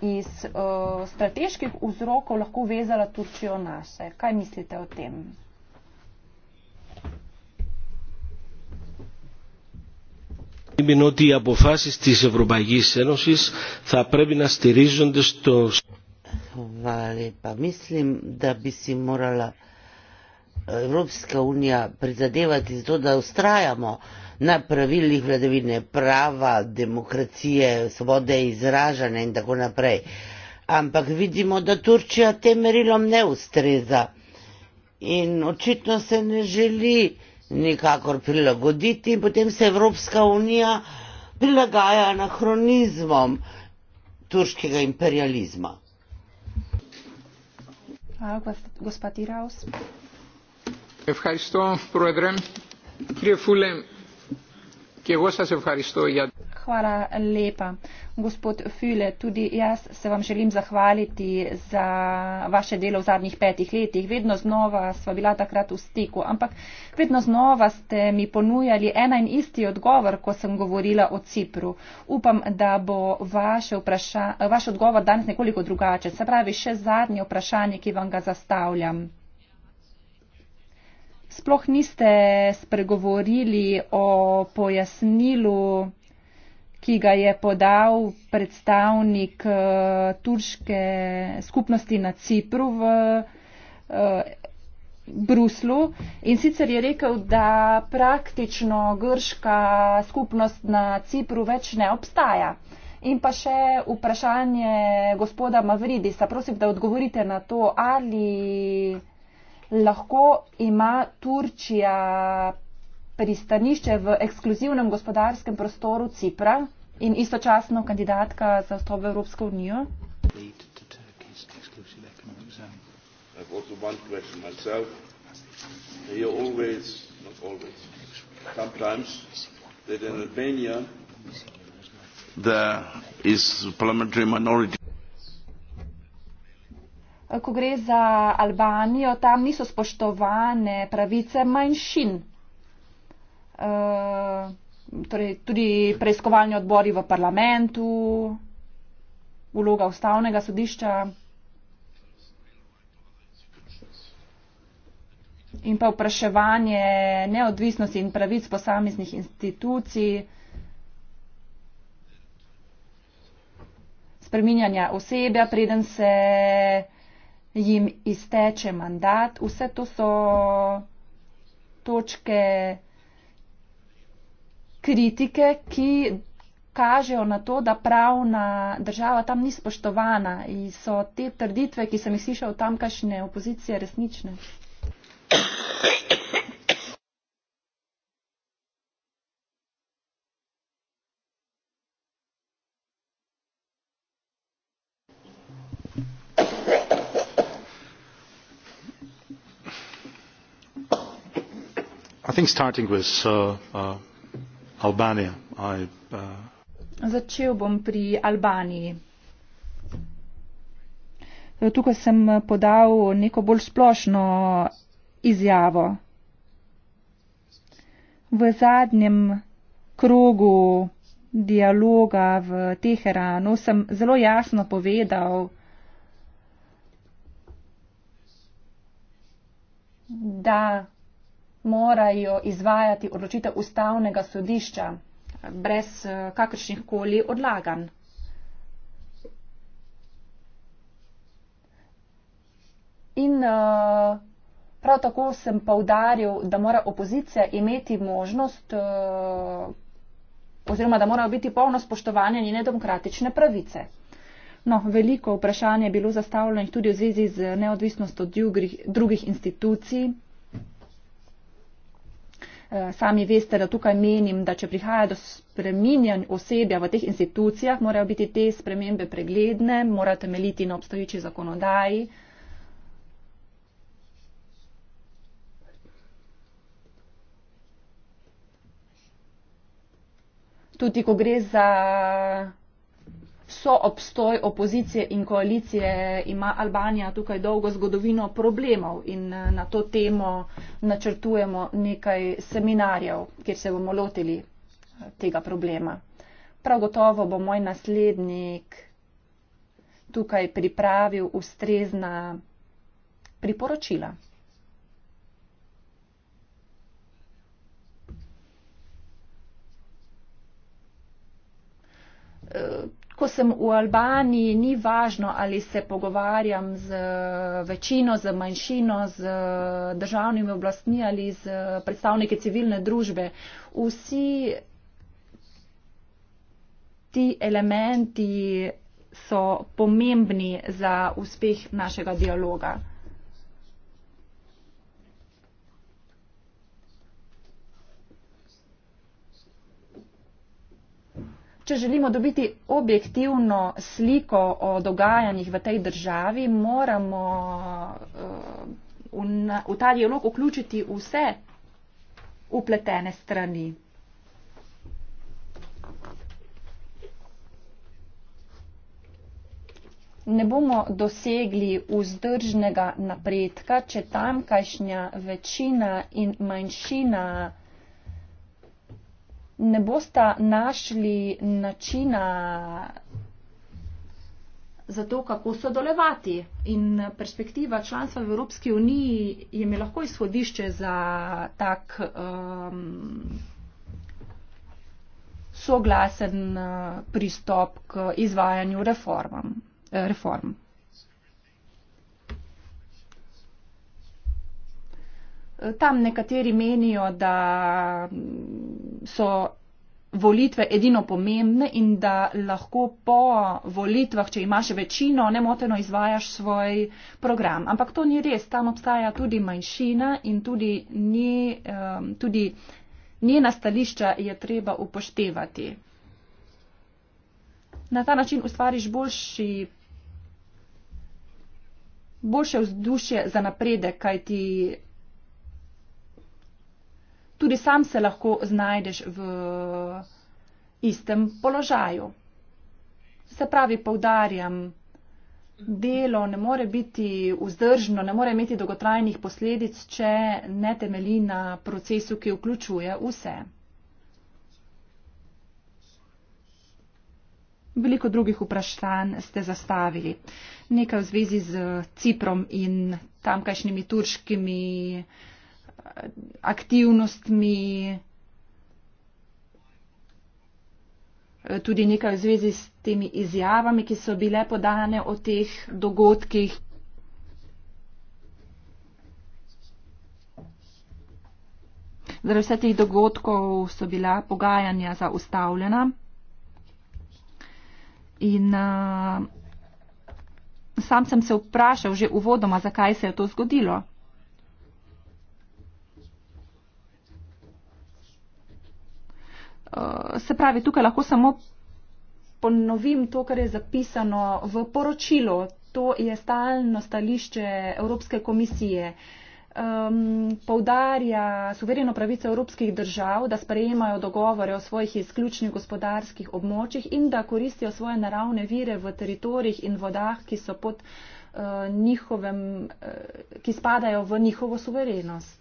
iz uh, strateških vzrokov lahko vezala Turčijo naše. Kaj mislite o tem? είναι ότι οι αποφάσεις της Ευρωπαϊκής Ένωσης θα πρέπει να στηρίζονται στο... Βαλέπα, μίσλιμ да би си морала Европска унија призадевати за тоа да устрајамо на правили владевине права, демокрација, свобода и изражање и тако напреј. Ампак видимо да Турција те мерилом не устреза. И очитно се не жели nekako prilagoditi in potem se Evropska unija prilagaja anahronizmom turškega imperializma. Gospod Iraus. Hvala, gospod Iraus. Hvala lepa. Gospod File, tudi jaz se vam želim zahvaliti za vaše delo v zadnjih petih letih. Vedno znova sva bila takrat v stiku, ampak vedno znova ste mi ponujali ena in isti odgovor, ko sem govorila o Cipru. Upam, da bo vaš odgovor danes nekoliko drugačen. Se pravi, še zadnje vprašanje, ki vam ga zastavljam sploh niste spregovorili o pojasnilu, ki ga je podal predstavnik eh, turške skupnosti na Cipru v eh, Bruslu in sicer je rekel, da praktično grška skupnost na Cipru več ne obstaja. In pa še vprašanje gospoda Mavridisa. Prosim, da odgovorite na to, ali lahko ima Turčija pristanišče v ekskluzivnem gospodarskem prostoru Cipra in istočasno kandidatka za vstop v Evropsko unijo? Da je parlamentarna manjšina ko gre za Albanijo, tam niso spoštovane pravice manjšin. Uh, torej tudi preiskovalni odbori v parlamentu, vloga ustavnega sodišča in pa vpraševanje neodvisnosti in pravic posameznih institucij, spreminjanja osebja, preden se jim izteče mandat. Vse to so točke kritike, ki kažejo na to, da pravna država tam ni spoštovana in so te trditve, ki sem jih slišal tamkajšnje opozicije, resnične. think starting with uh, uh, Albania. I, uh... Začel bom pri Albaniji. Tukaj sem podal neko bolj splošno izjavo. V zadnjem krogu dialoga v Teheranu sem zelo jasno povedal, da morajo izvajati odločitev ustavnega sodišča brez eh, kakršnih koli odlaganj. In eh, prav tako sem povdaril, da mora opozicija imeti možnost eh, oziroma da mora biti polno spoštovanje njene demokratične pravice. No, veliko vprašanje je bilo zastavljeno tudi v zvezi z neodvisnostjo drugih institucij, Eh, sami veste, da tukaj menim, da če prihaja do spreminjanj osebja v teh institucijah, morajo biti te spremembe pregledne, morajo temeljiti na obstoječi zakonodaji. Tudi, ko gre za so obstoj opozicije in koalicije ima Albanija tukaj dolgo zgodovino problemov in eh, na to temo načrtujemo nekaj seminarjev, kjer se bomo lotili eh, tega problema. Prav gotovo bo moj naslednik tukaj pripravil ustrezna priporočila. Uh, ko sem v Albaniji, ni važno, ali se pogovarjam z eh, večino, z manjšino, z eh, državnimi oblastmi ali z eh, predstavniki civilne družbe. Vsi ti elementi so pomembni za uspeh našega dialoga. Če želimo dobiti objektivno sliko o dogajanjih v tej državi, moramo eh, v ta dialog vključiti vse upletene strani. Ne bomo dosegli vzdržnega napredka, če tamkajšnja večina in manjšina ne bosta našli načina za to, kako sodelovati. In perspektiva članstva v Evropski uniji je mi lahko izhodišče za tak um, soglasen uh, pristop k izvajanju reformam, reform. Tam nekateri menijo, da so volitve edino pomembne in da lahko po volitvah, če imaš večino, nemoteno izvajaš svoj program. Ampak to ni res. Tam obstaja tudi manjšina in tudi, ni, tudi njena stališča je treba upoštevati. Na ta način ustvariš boljši, boljše vzdušje za napredek, kaj ti tudi sam se lahko znajdeš v istem položaju. Se pravi, povdarjam, delo ne more biti vzdržno, ne more imeti dolgotrajnih posledic, če ne temelji na procesu, ki vključuje vse. Veliko drugih vprašanj ste zastavili. Nekaj v zvezi z Ciprom in tamkajšnjimi turškimi uh, aktivnostmi, tudi nekaj v zvezi s temi izjavami, ki so bile podane o teh dogodkih. Zaradi vse teh dogodkov so bila pogajanja zaustavljena in a, eh, sam sem se vprašal že uvodoma, zakaj se je to zgodilo. Eh, se pravi, tukaj lahko samo ponovim to, kar je zapisano v poročilu. To je stalno stališče Evropske komisije. Um, povdarja suvereno pravico evropskih držav, da sprejemajo dogovore o svojih izključnih gospodarskih območjih in da koristijo svoje naravne vire v teritorijih in vodah, ki, pod, uh, njihovem, uh, ki spadajo v njihovo suverenost.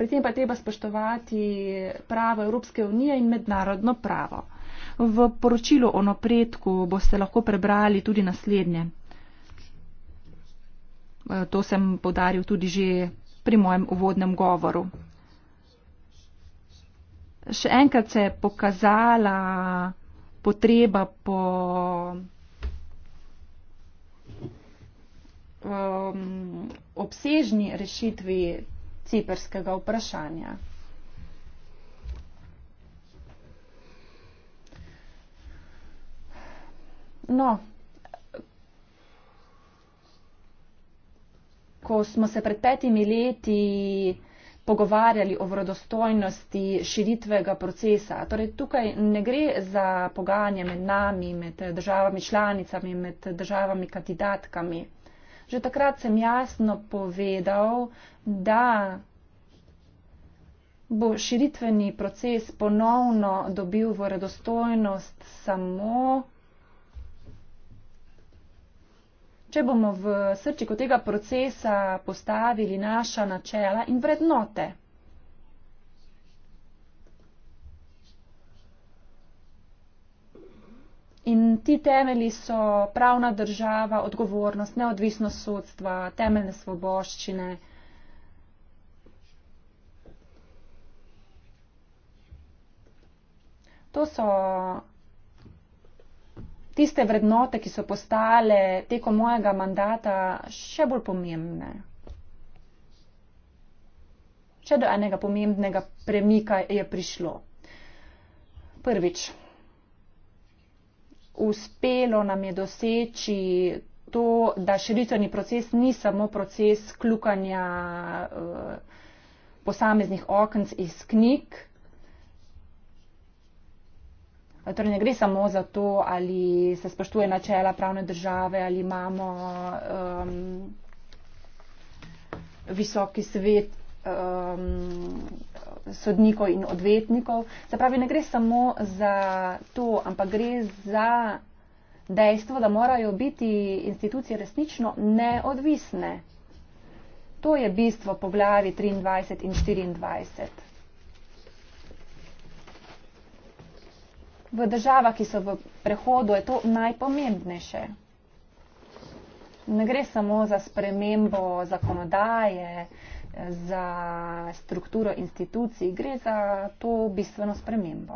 Pri tem pa je treba spoštovati pravo Evropske unije in mednarodno pravo. V poročilu o napredku boste lahko prebrali tudi naslednje. E, to sem podaril tudi že pri mojem uvodnem govoru. Še enkrat se je pokazala potreba po um, obsežni rešitvi ciperskega vprašanja. No, ko smo se pred petimi leti pogovarjali o vrodostojnosti širitvega procesa. Torej, tukaj ne gre za pogajanje med nami, med državami članicami, med državami kandidatkami že takrat sem jasno povedal, da bo širitveni proces ponovno dobil vredostojnost samo, če bomo v srčiku tega procesa postavili naša načela in vrednote. In ti temeli so pravna država, odgovornost, neodvisnost sodstva, temeljne svoboščine. To so tiste vrednote, ki so postale tekom mojega mandata še bolj pomembne. Še do enega pomembnega premika je prišlo. Prvič uspelo nam je doseči to, da širitveni proces ni samo proces klukanja eh, posameznih okenc iz knjig. Torej ne gre samo za to, ali se spoštuje načela pravne države, ali imamo um, visoki svet um, sodnikov in odvetnikov. Se pravi, ne gre samo za to, ampak gre za dejstvo, da morajo biti institucije resnično neodvisne. To je bistvo po glavi 23 in 24. V državah, ki so v prehodu, je to najpomembnejše. Ne gre samo za spremembo zakonodaje, za strukturo institucij, gre za to bistveno spremembo.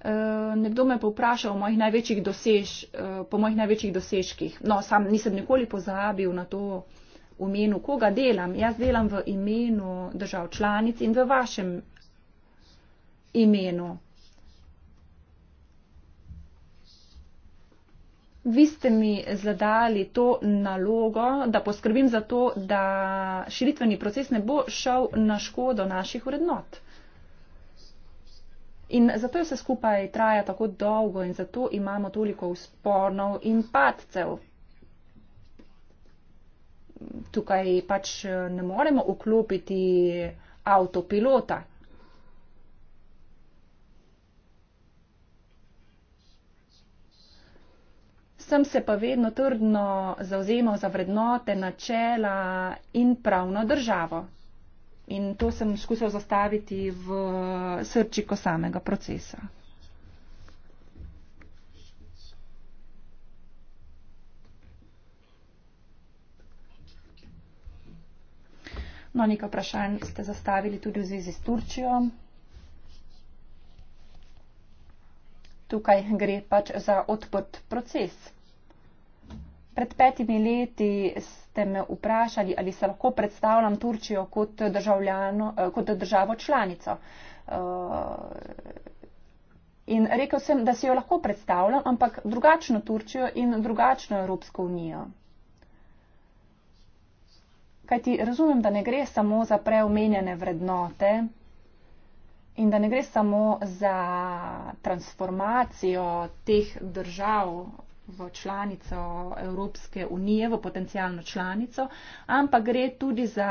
E, nekdo me povpraša o mojih največjih, dosež, e, po mojih največjih dosežkih. No, sam nisem nikoli pozabil na to v imenu, koga delam. Jaz delam v imenu držav članic in v vašem imenu. Vi ste mi zadali to nalogo, da poskrbim za to, da širitveni proces ne bo šel na škodo naših vrednot. In zato vse skupaj traja tako dolgo in zato imamo toliko spornov in padcev. Tukaj pač ne moremo uklopiti avtopilota. sem se pa vedno trdno zauzemal za vrednote, načela in pravno državo. In to sem skušal zastaviti v srčiko samega procesa. No, nekaj vprašanj ste zastavili tudi v zvezi s Turčijo. Tukaj gre pač za odprt proces. Pred petimi leti ste me vprašali, ali se lahko predstavljam Turčijo kot, eh, kot državo članico. Eh, in rekel sem, da si jo lahko predstavljam, ampak drugačno Turčijo in drugačno Evropsko unijo. Kaj ti razumem, da ne gre samo za preomenjene vrednote in da ne gre samo za transformacijo teh držav v članico Evropske unije, v potencijalno članico, ampak gre tudi za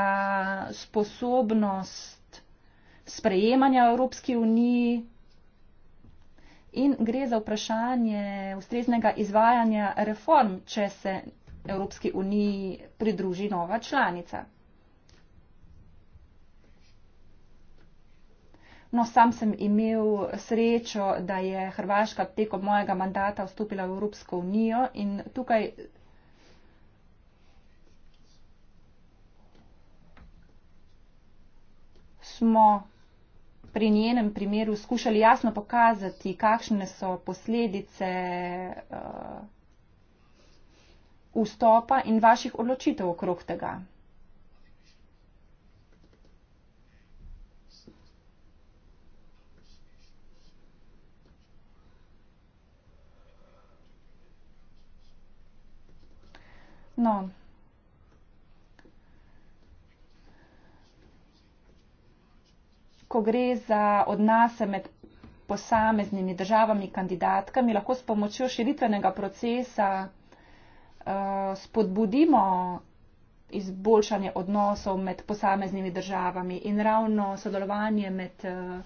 sposobnost sprejemanja Evropske unije in gre za vprašanje ustreznega izvajanja reform, če se Evropske unije pridruži nova članica. No, sam sem imel srečo, da je Hrvaška tekom mojega mandata vstopila v Evropsko unijo in tukaj. smo pri njenem primeru skušali jasno pokazati, kakšne so posledice uh, vstopa in vaših odločitev okrog tega. No. Ko gre za odnose med posameznimi državami kandidatkami, lahko s pomočjo širitvenega procesa uh, spodbudimo izboljšanje odnosov med posameznimi državami in ravno sodelovanje med uh,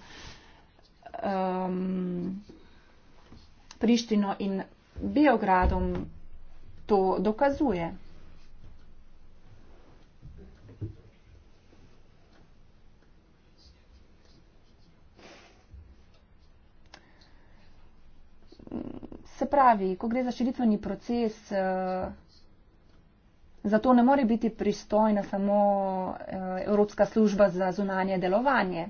um, Prištino in Beogradom to dokazuje. Se pravi, ko gre za širitveni proces, eh, zato ne more biti pristojna samo eh, Evropska služba za zunanje delovanje.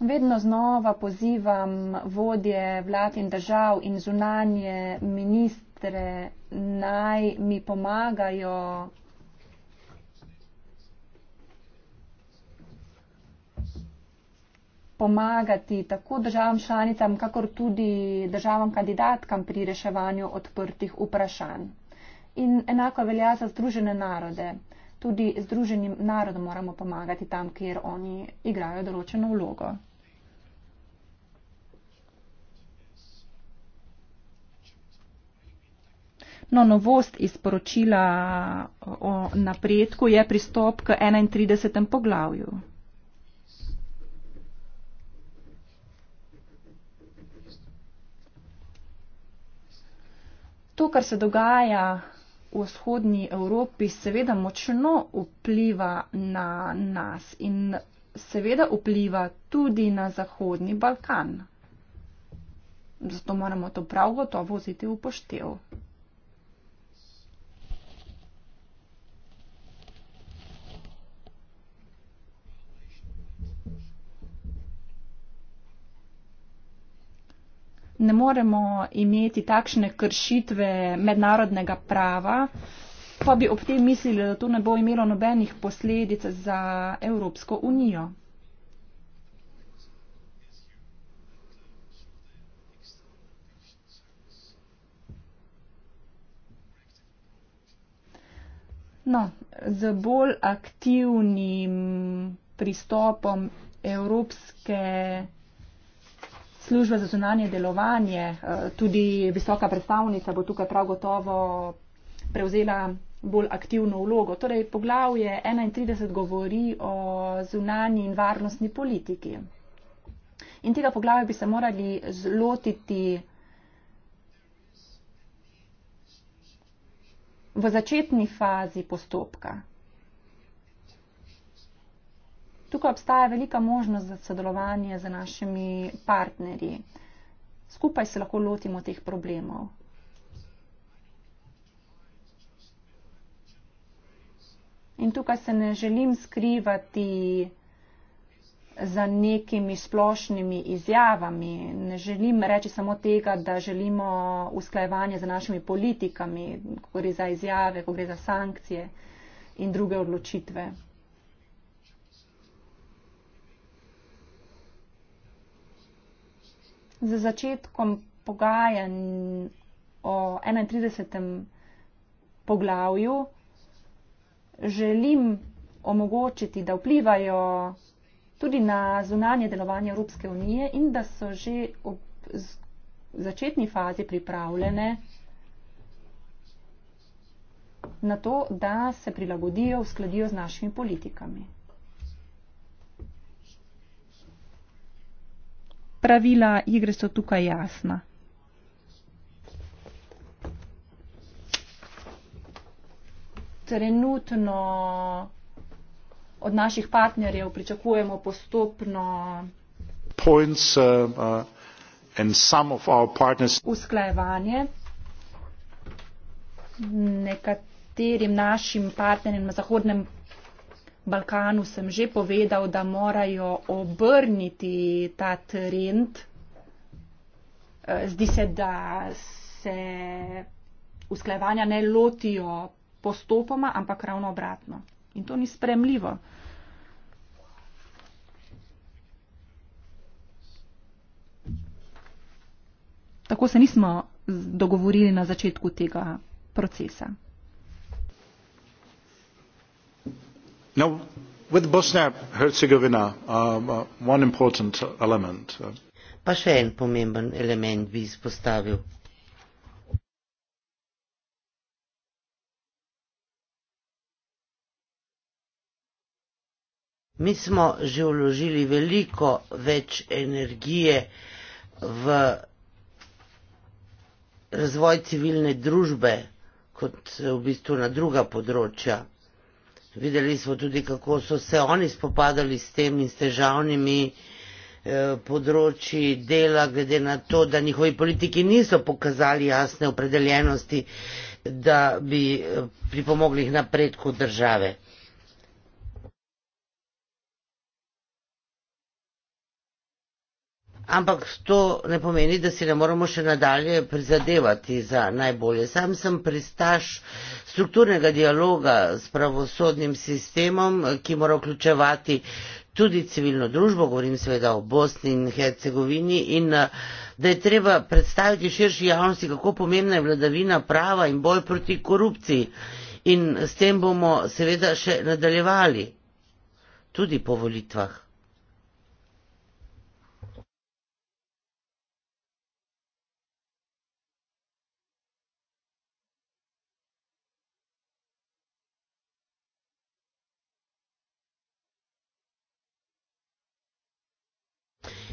Vedno znova pozivam vodje vlad in držav in zunanje ministre naj mi pomagajo. pomagati tako državam članicam, kakor tudi državam kandidatkam pri reševanju odprtih vprašanj. In enako velja za Združene narode. Tudi Združenim narodom moramo pomagati tam, kjer oni igrajo določeno vlogo. No, novost iz poročila o napredku je pristop k 31. poglavju. to, kar se dogaja v vzhodnji Evropi, seveda močno vpliva na nas in seveda vpliva tudi na Zahodni Balkan. Zato moramo to prav gotovo vzeti v poštev. ne moremo imeti takšne kršitve mednarodnega prava, pa bi ob tem mislili, da to ne bo imelo nobenih posledic za Evropsko unijo. No, z bolj aktivnim pristopom Evropske unije, službe za zunanje delovanje, eh, tudi visoka predstavnica bo tukaj prav gotovo prevzela bolj aktivno vlogo. Torej, poglavje 31 govori o zunanji in varnostni politiki. In tega poglavja bi se morali zlotiti v začetni fazi postopka. Tukaj obstaja velika možnost za sodelovanje z našimi partnerji. Skupaj se lahko lotimo teh problemov. In tukaj se ne želim skrivati za nekimi splošnimi izjavami. Ne želim reči samo tega, da želimo usklajevanje z našimi politikami, ko gre za izjave, ko gre za sankcije in druge odločitve. Za začetkom pogajanj o 31. poglavju želim omogočiti, da vplivajo tudi na zunanje delovanje Evropske unije in da so že v začetni fazi pripravljene na to, da se prilagodijo, uskladijo z našimi politikami. pravila igre so tukaj jasna. Trenutno od naših partnerjev pričakujemo postopno points, uh, uh, partners... usklajevanje. Nekaterim našim partnerjem na zahodnem Balkanu sem že povedal, da morajo obrniti ta trend. Eh, zdi se, da se usklajevanja ne lotijo postopoma, ampak ravno obratno. In to ni spremljivo. Tako se nismo dogovorili na začetku tega procesa. with bosnia in herzegovina um, uh, one important element uh, pa še en pomemben element bi izpostavil mi smo že vložili veliko več energije v razvoj civilne družbe kot v bistvu na druga področja Videli smo tudi, kako so se oni spopadali s temi težavnimi eh, področji dela, glede na to, da njihovi politiki niso pokazali jasne opredeljenosti, da bi eh, pripomogli k napredku države. Ampak to ne pomeni, da si ne moramo še nadalje prizadevati za najbolje. Sam sem pristaš strukturnega dialoga s pravosodnim sistemom, ki mora vključevati tudi civilno družbo, govorim seveda o Bosni in Hercegovini, in eh, da je treba predstaviti širši javnosti, kako pomembna je vladavina prava in boj proti korupciji. In s tem bomo seveda še nadaljevali, tudi po volitvah.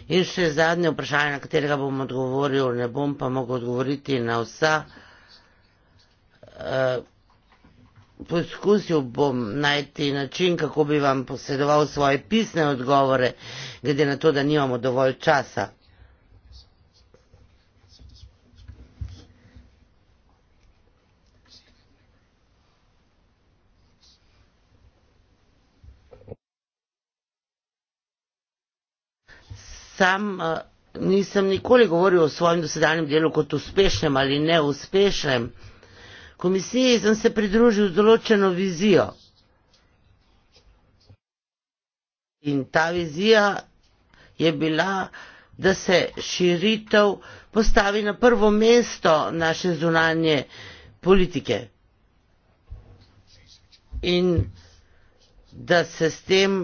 In še zadnje vprašanje, na katerega bom odgovoril, ne bom pa mogel odgovoriti na vsa. Eh, poskusil bom najti način, kako bi vam posedoval svoje pisne odgovore, glede na to, da nimamo dovolj časa. sam eh, nisem nikoli govoril o svojem dosedanjem delu kot uspešnem ali neuspešnem. Komisiji sem se pridružil z določeno vizijo. In ta vizija je bila, da se širitev postavi na prvo mesto naše zunanje politike. In da se s tem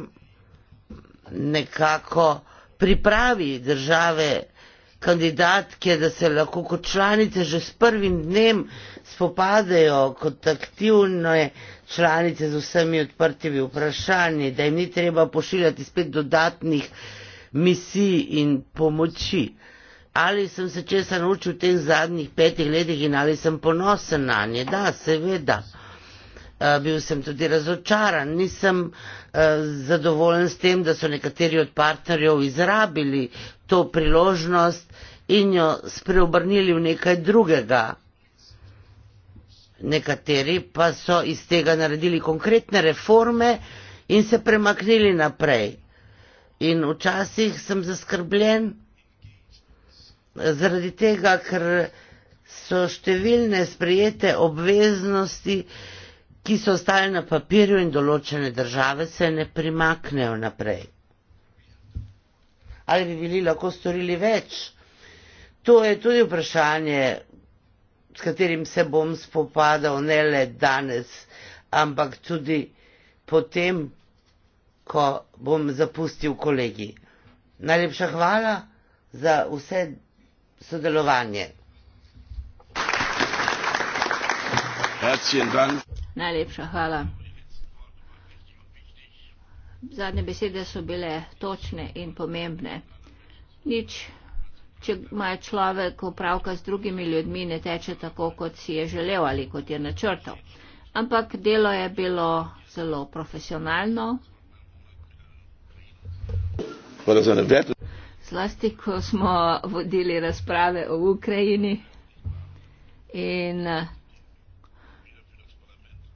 nekako pripravi države kandidatke, da se lahko kot članice že s prvim dnem spopadajo kot aktivne članice z vsemi odprtimi vprašanji, da jim ni treba pošiljati spet dodatnih misij in pomoči. Ali sem se česa naučil v teh zadnjih petih letih in ali sem ponosen na nje? Da, seveda. Eh, bil sem tudi razočaran, nisem eh, zadovoljen s tem, da so nekateri od partnerjev izrabili to priložnost in jo spreobrnili v nekaj drugega. Nekateri pa so iz tega naredili konkretne reforme in se premaknili naprej. In včasih sem zaskrbljen eh, zaradi tega, ker so številne sprejete obveznosti, ki so ostale na papirju in določene države se ne primaknejo naprej. Ali bi bili lahko storili več? To je tudi vprašanje, s katerim se bom spopadal ne le danes, ampak tudi potem, ko bom zapustil kolegi. Najlepša hvala za vse sodelovanje. Herzlichen Dank. Najlepša hvala. Zadnje besede so bile točne in pomembne. Nič, če ima človek opravka z drugimi ljudmi, ne teče tako, kot si je želel ali kot je načrtal. Ampak delo je bilo zelo profesionalno. Zlasti, ko smo vodili razprave o Ukrajini in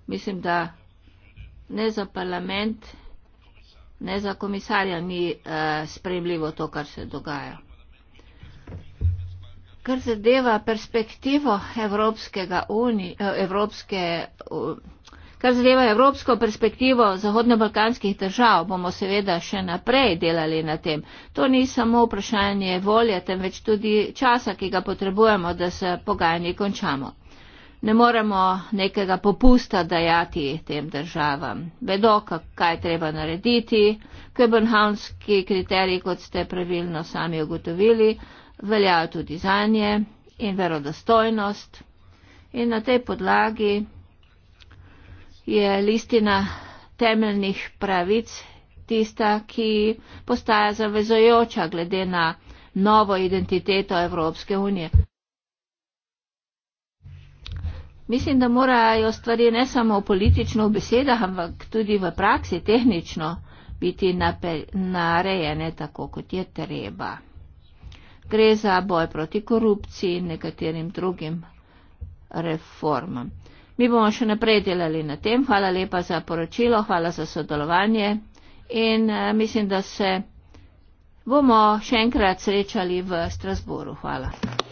mislim, da ne za parlament, ne za komisarja ni eh, sprejemljivo to, kar se dogaja. Kar zadeva perspektivo Evropskega uni, eh, Evropske, kar zadeva Evropsko perspektivo zahodnobalkanskih držav, bomo seveda še naprej delali na tem. To ni samo vprašanje volje, temveč tudi časa, ki ga potrebujemo, da se pogajanje končamo ne moremo nekega popusta dajati tem državam. Vedo, kaj treba narediti. Köbenhavnski kriteriji, kot ste pravilno sami ugotovili, veljajo tudi za nje in verodostojnost. In na tej podlagi je listina temeljnih pravic tista, ki postaja zavezojoča glede na novo identiteto Evropske unije. Mislim, da morajo stvari ne samo politično v besedah, ampak tudi v praksi, tehnično biti narejene tako, kot je treba. Gre za boj proti korupciji in nekaterim drugim reformam. Mi bomo še naprej delali na tem. Hvala lepa za poročilo, hvala za sodelovanje in eh, mislim, da se bomo še enkrat srečali v Strasburu. Hvala.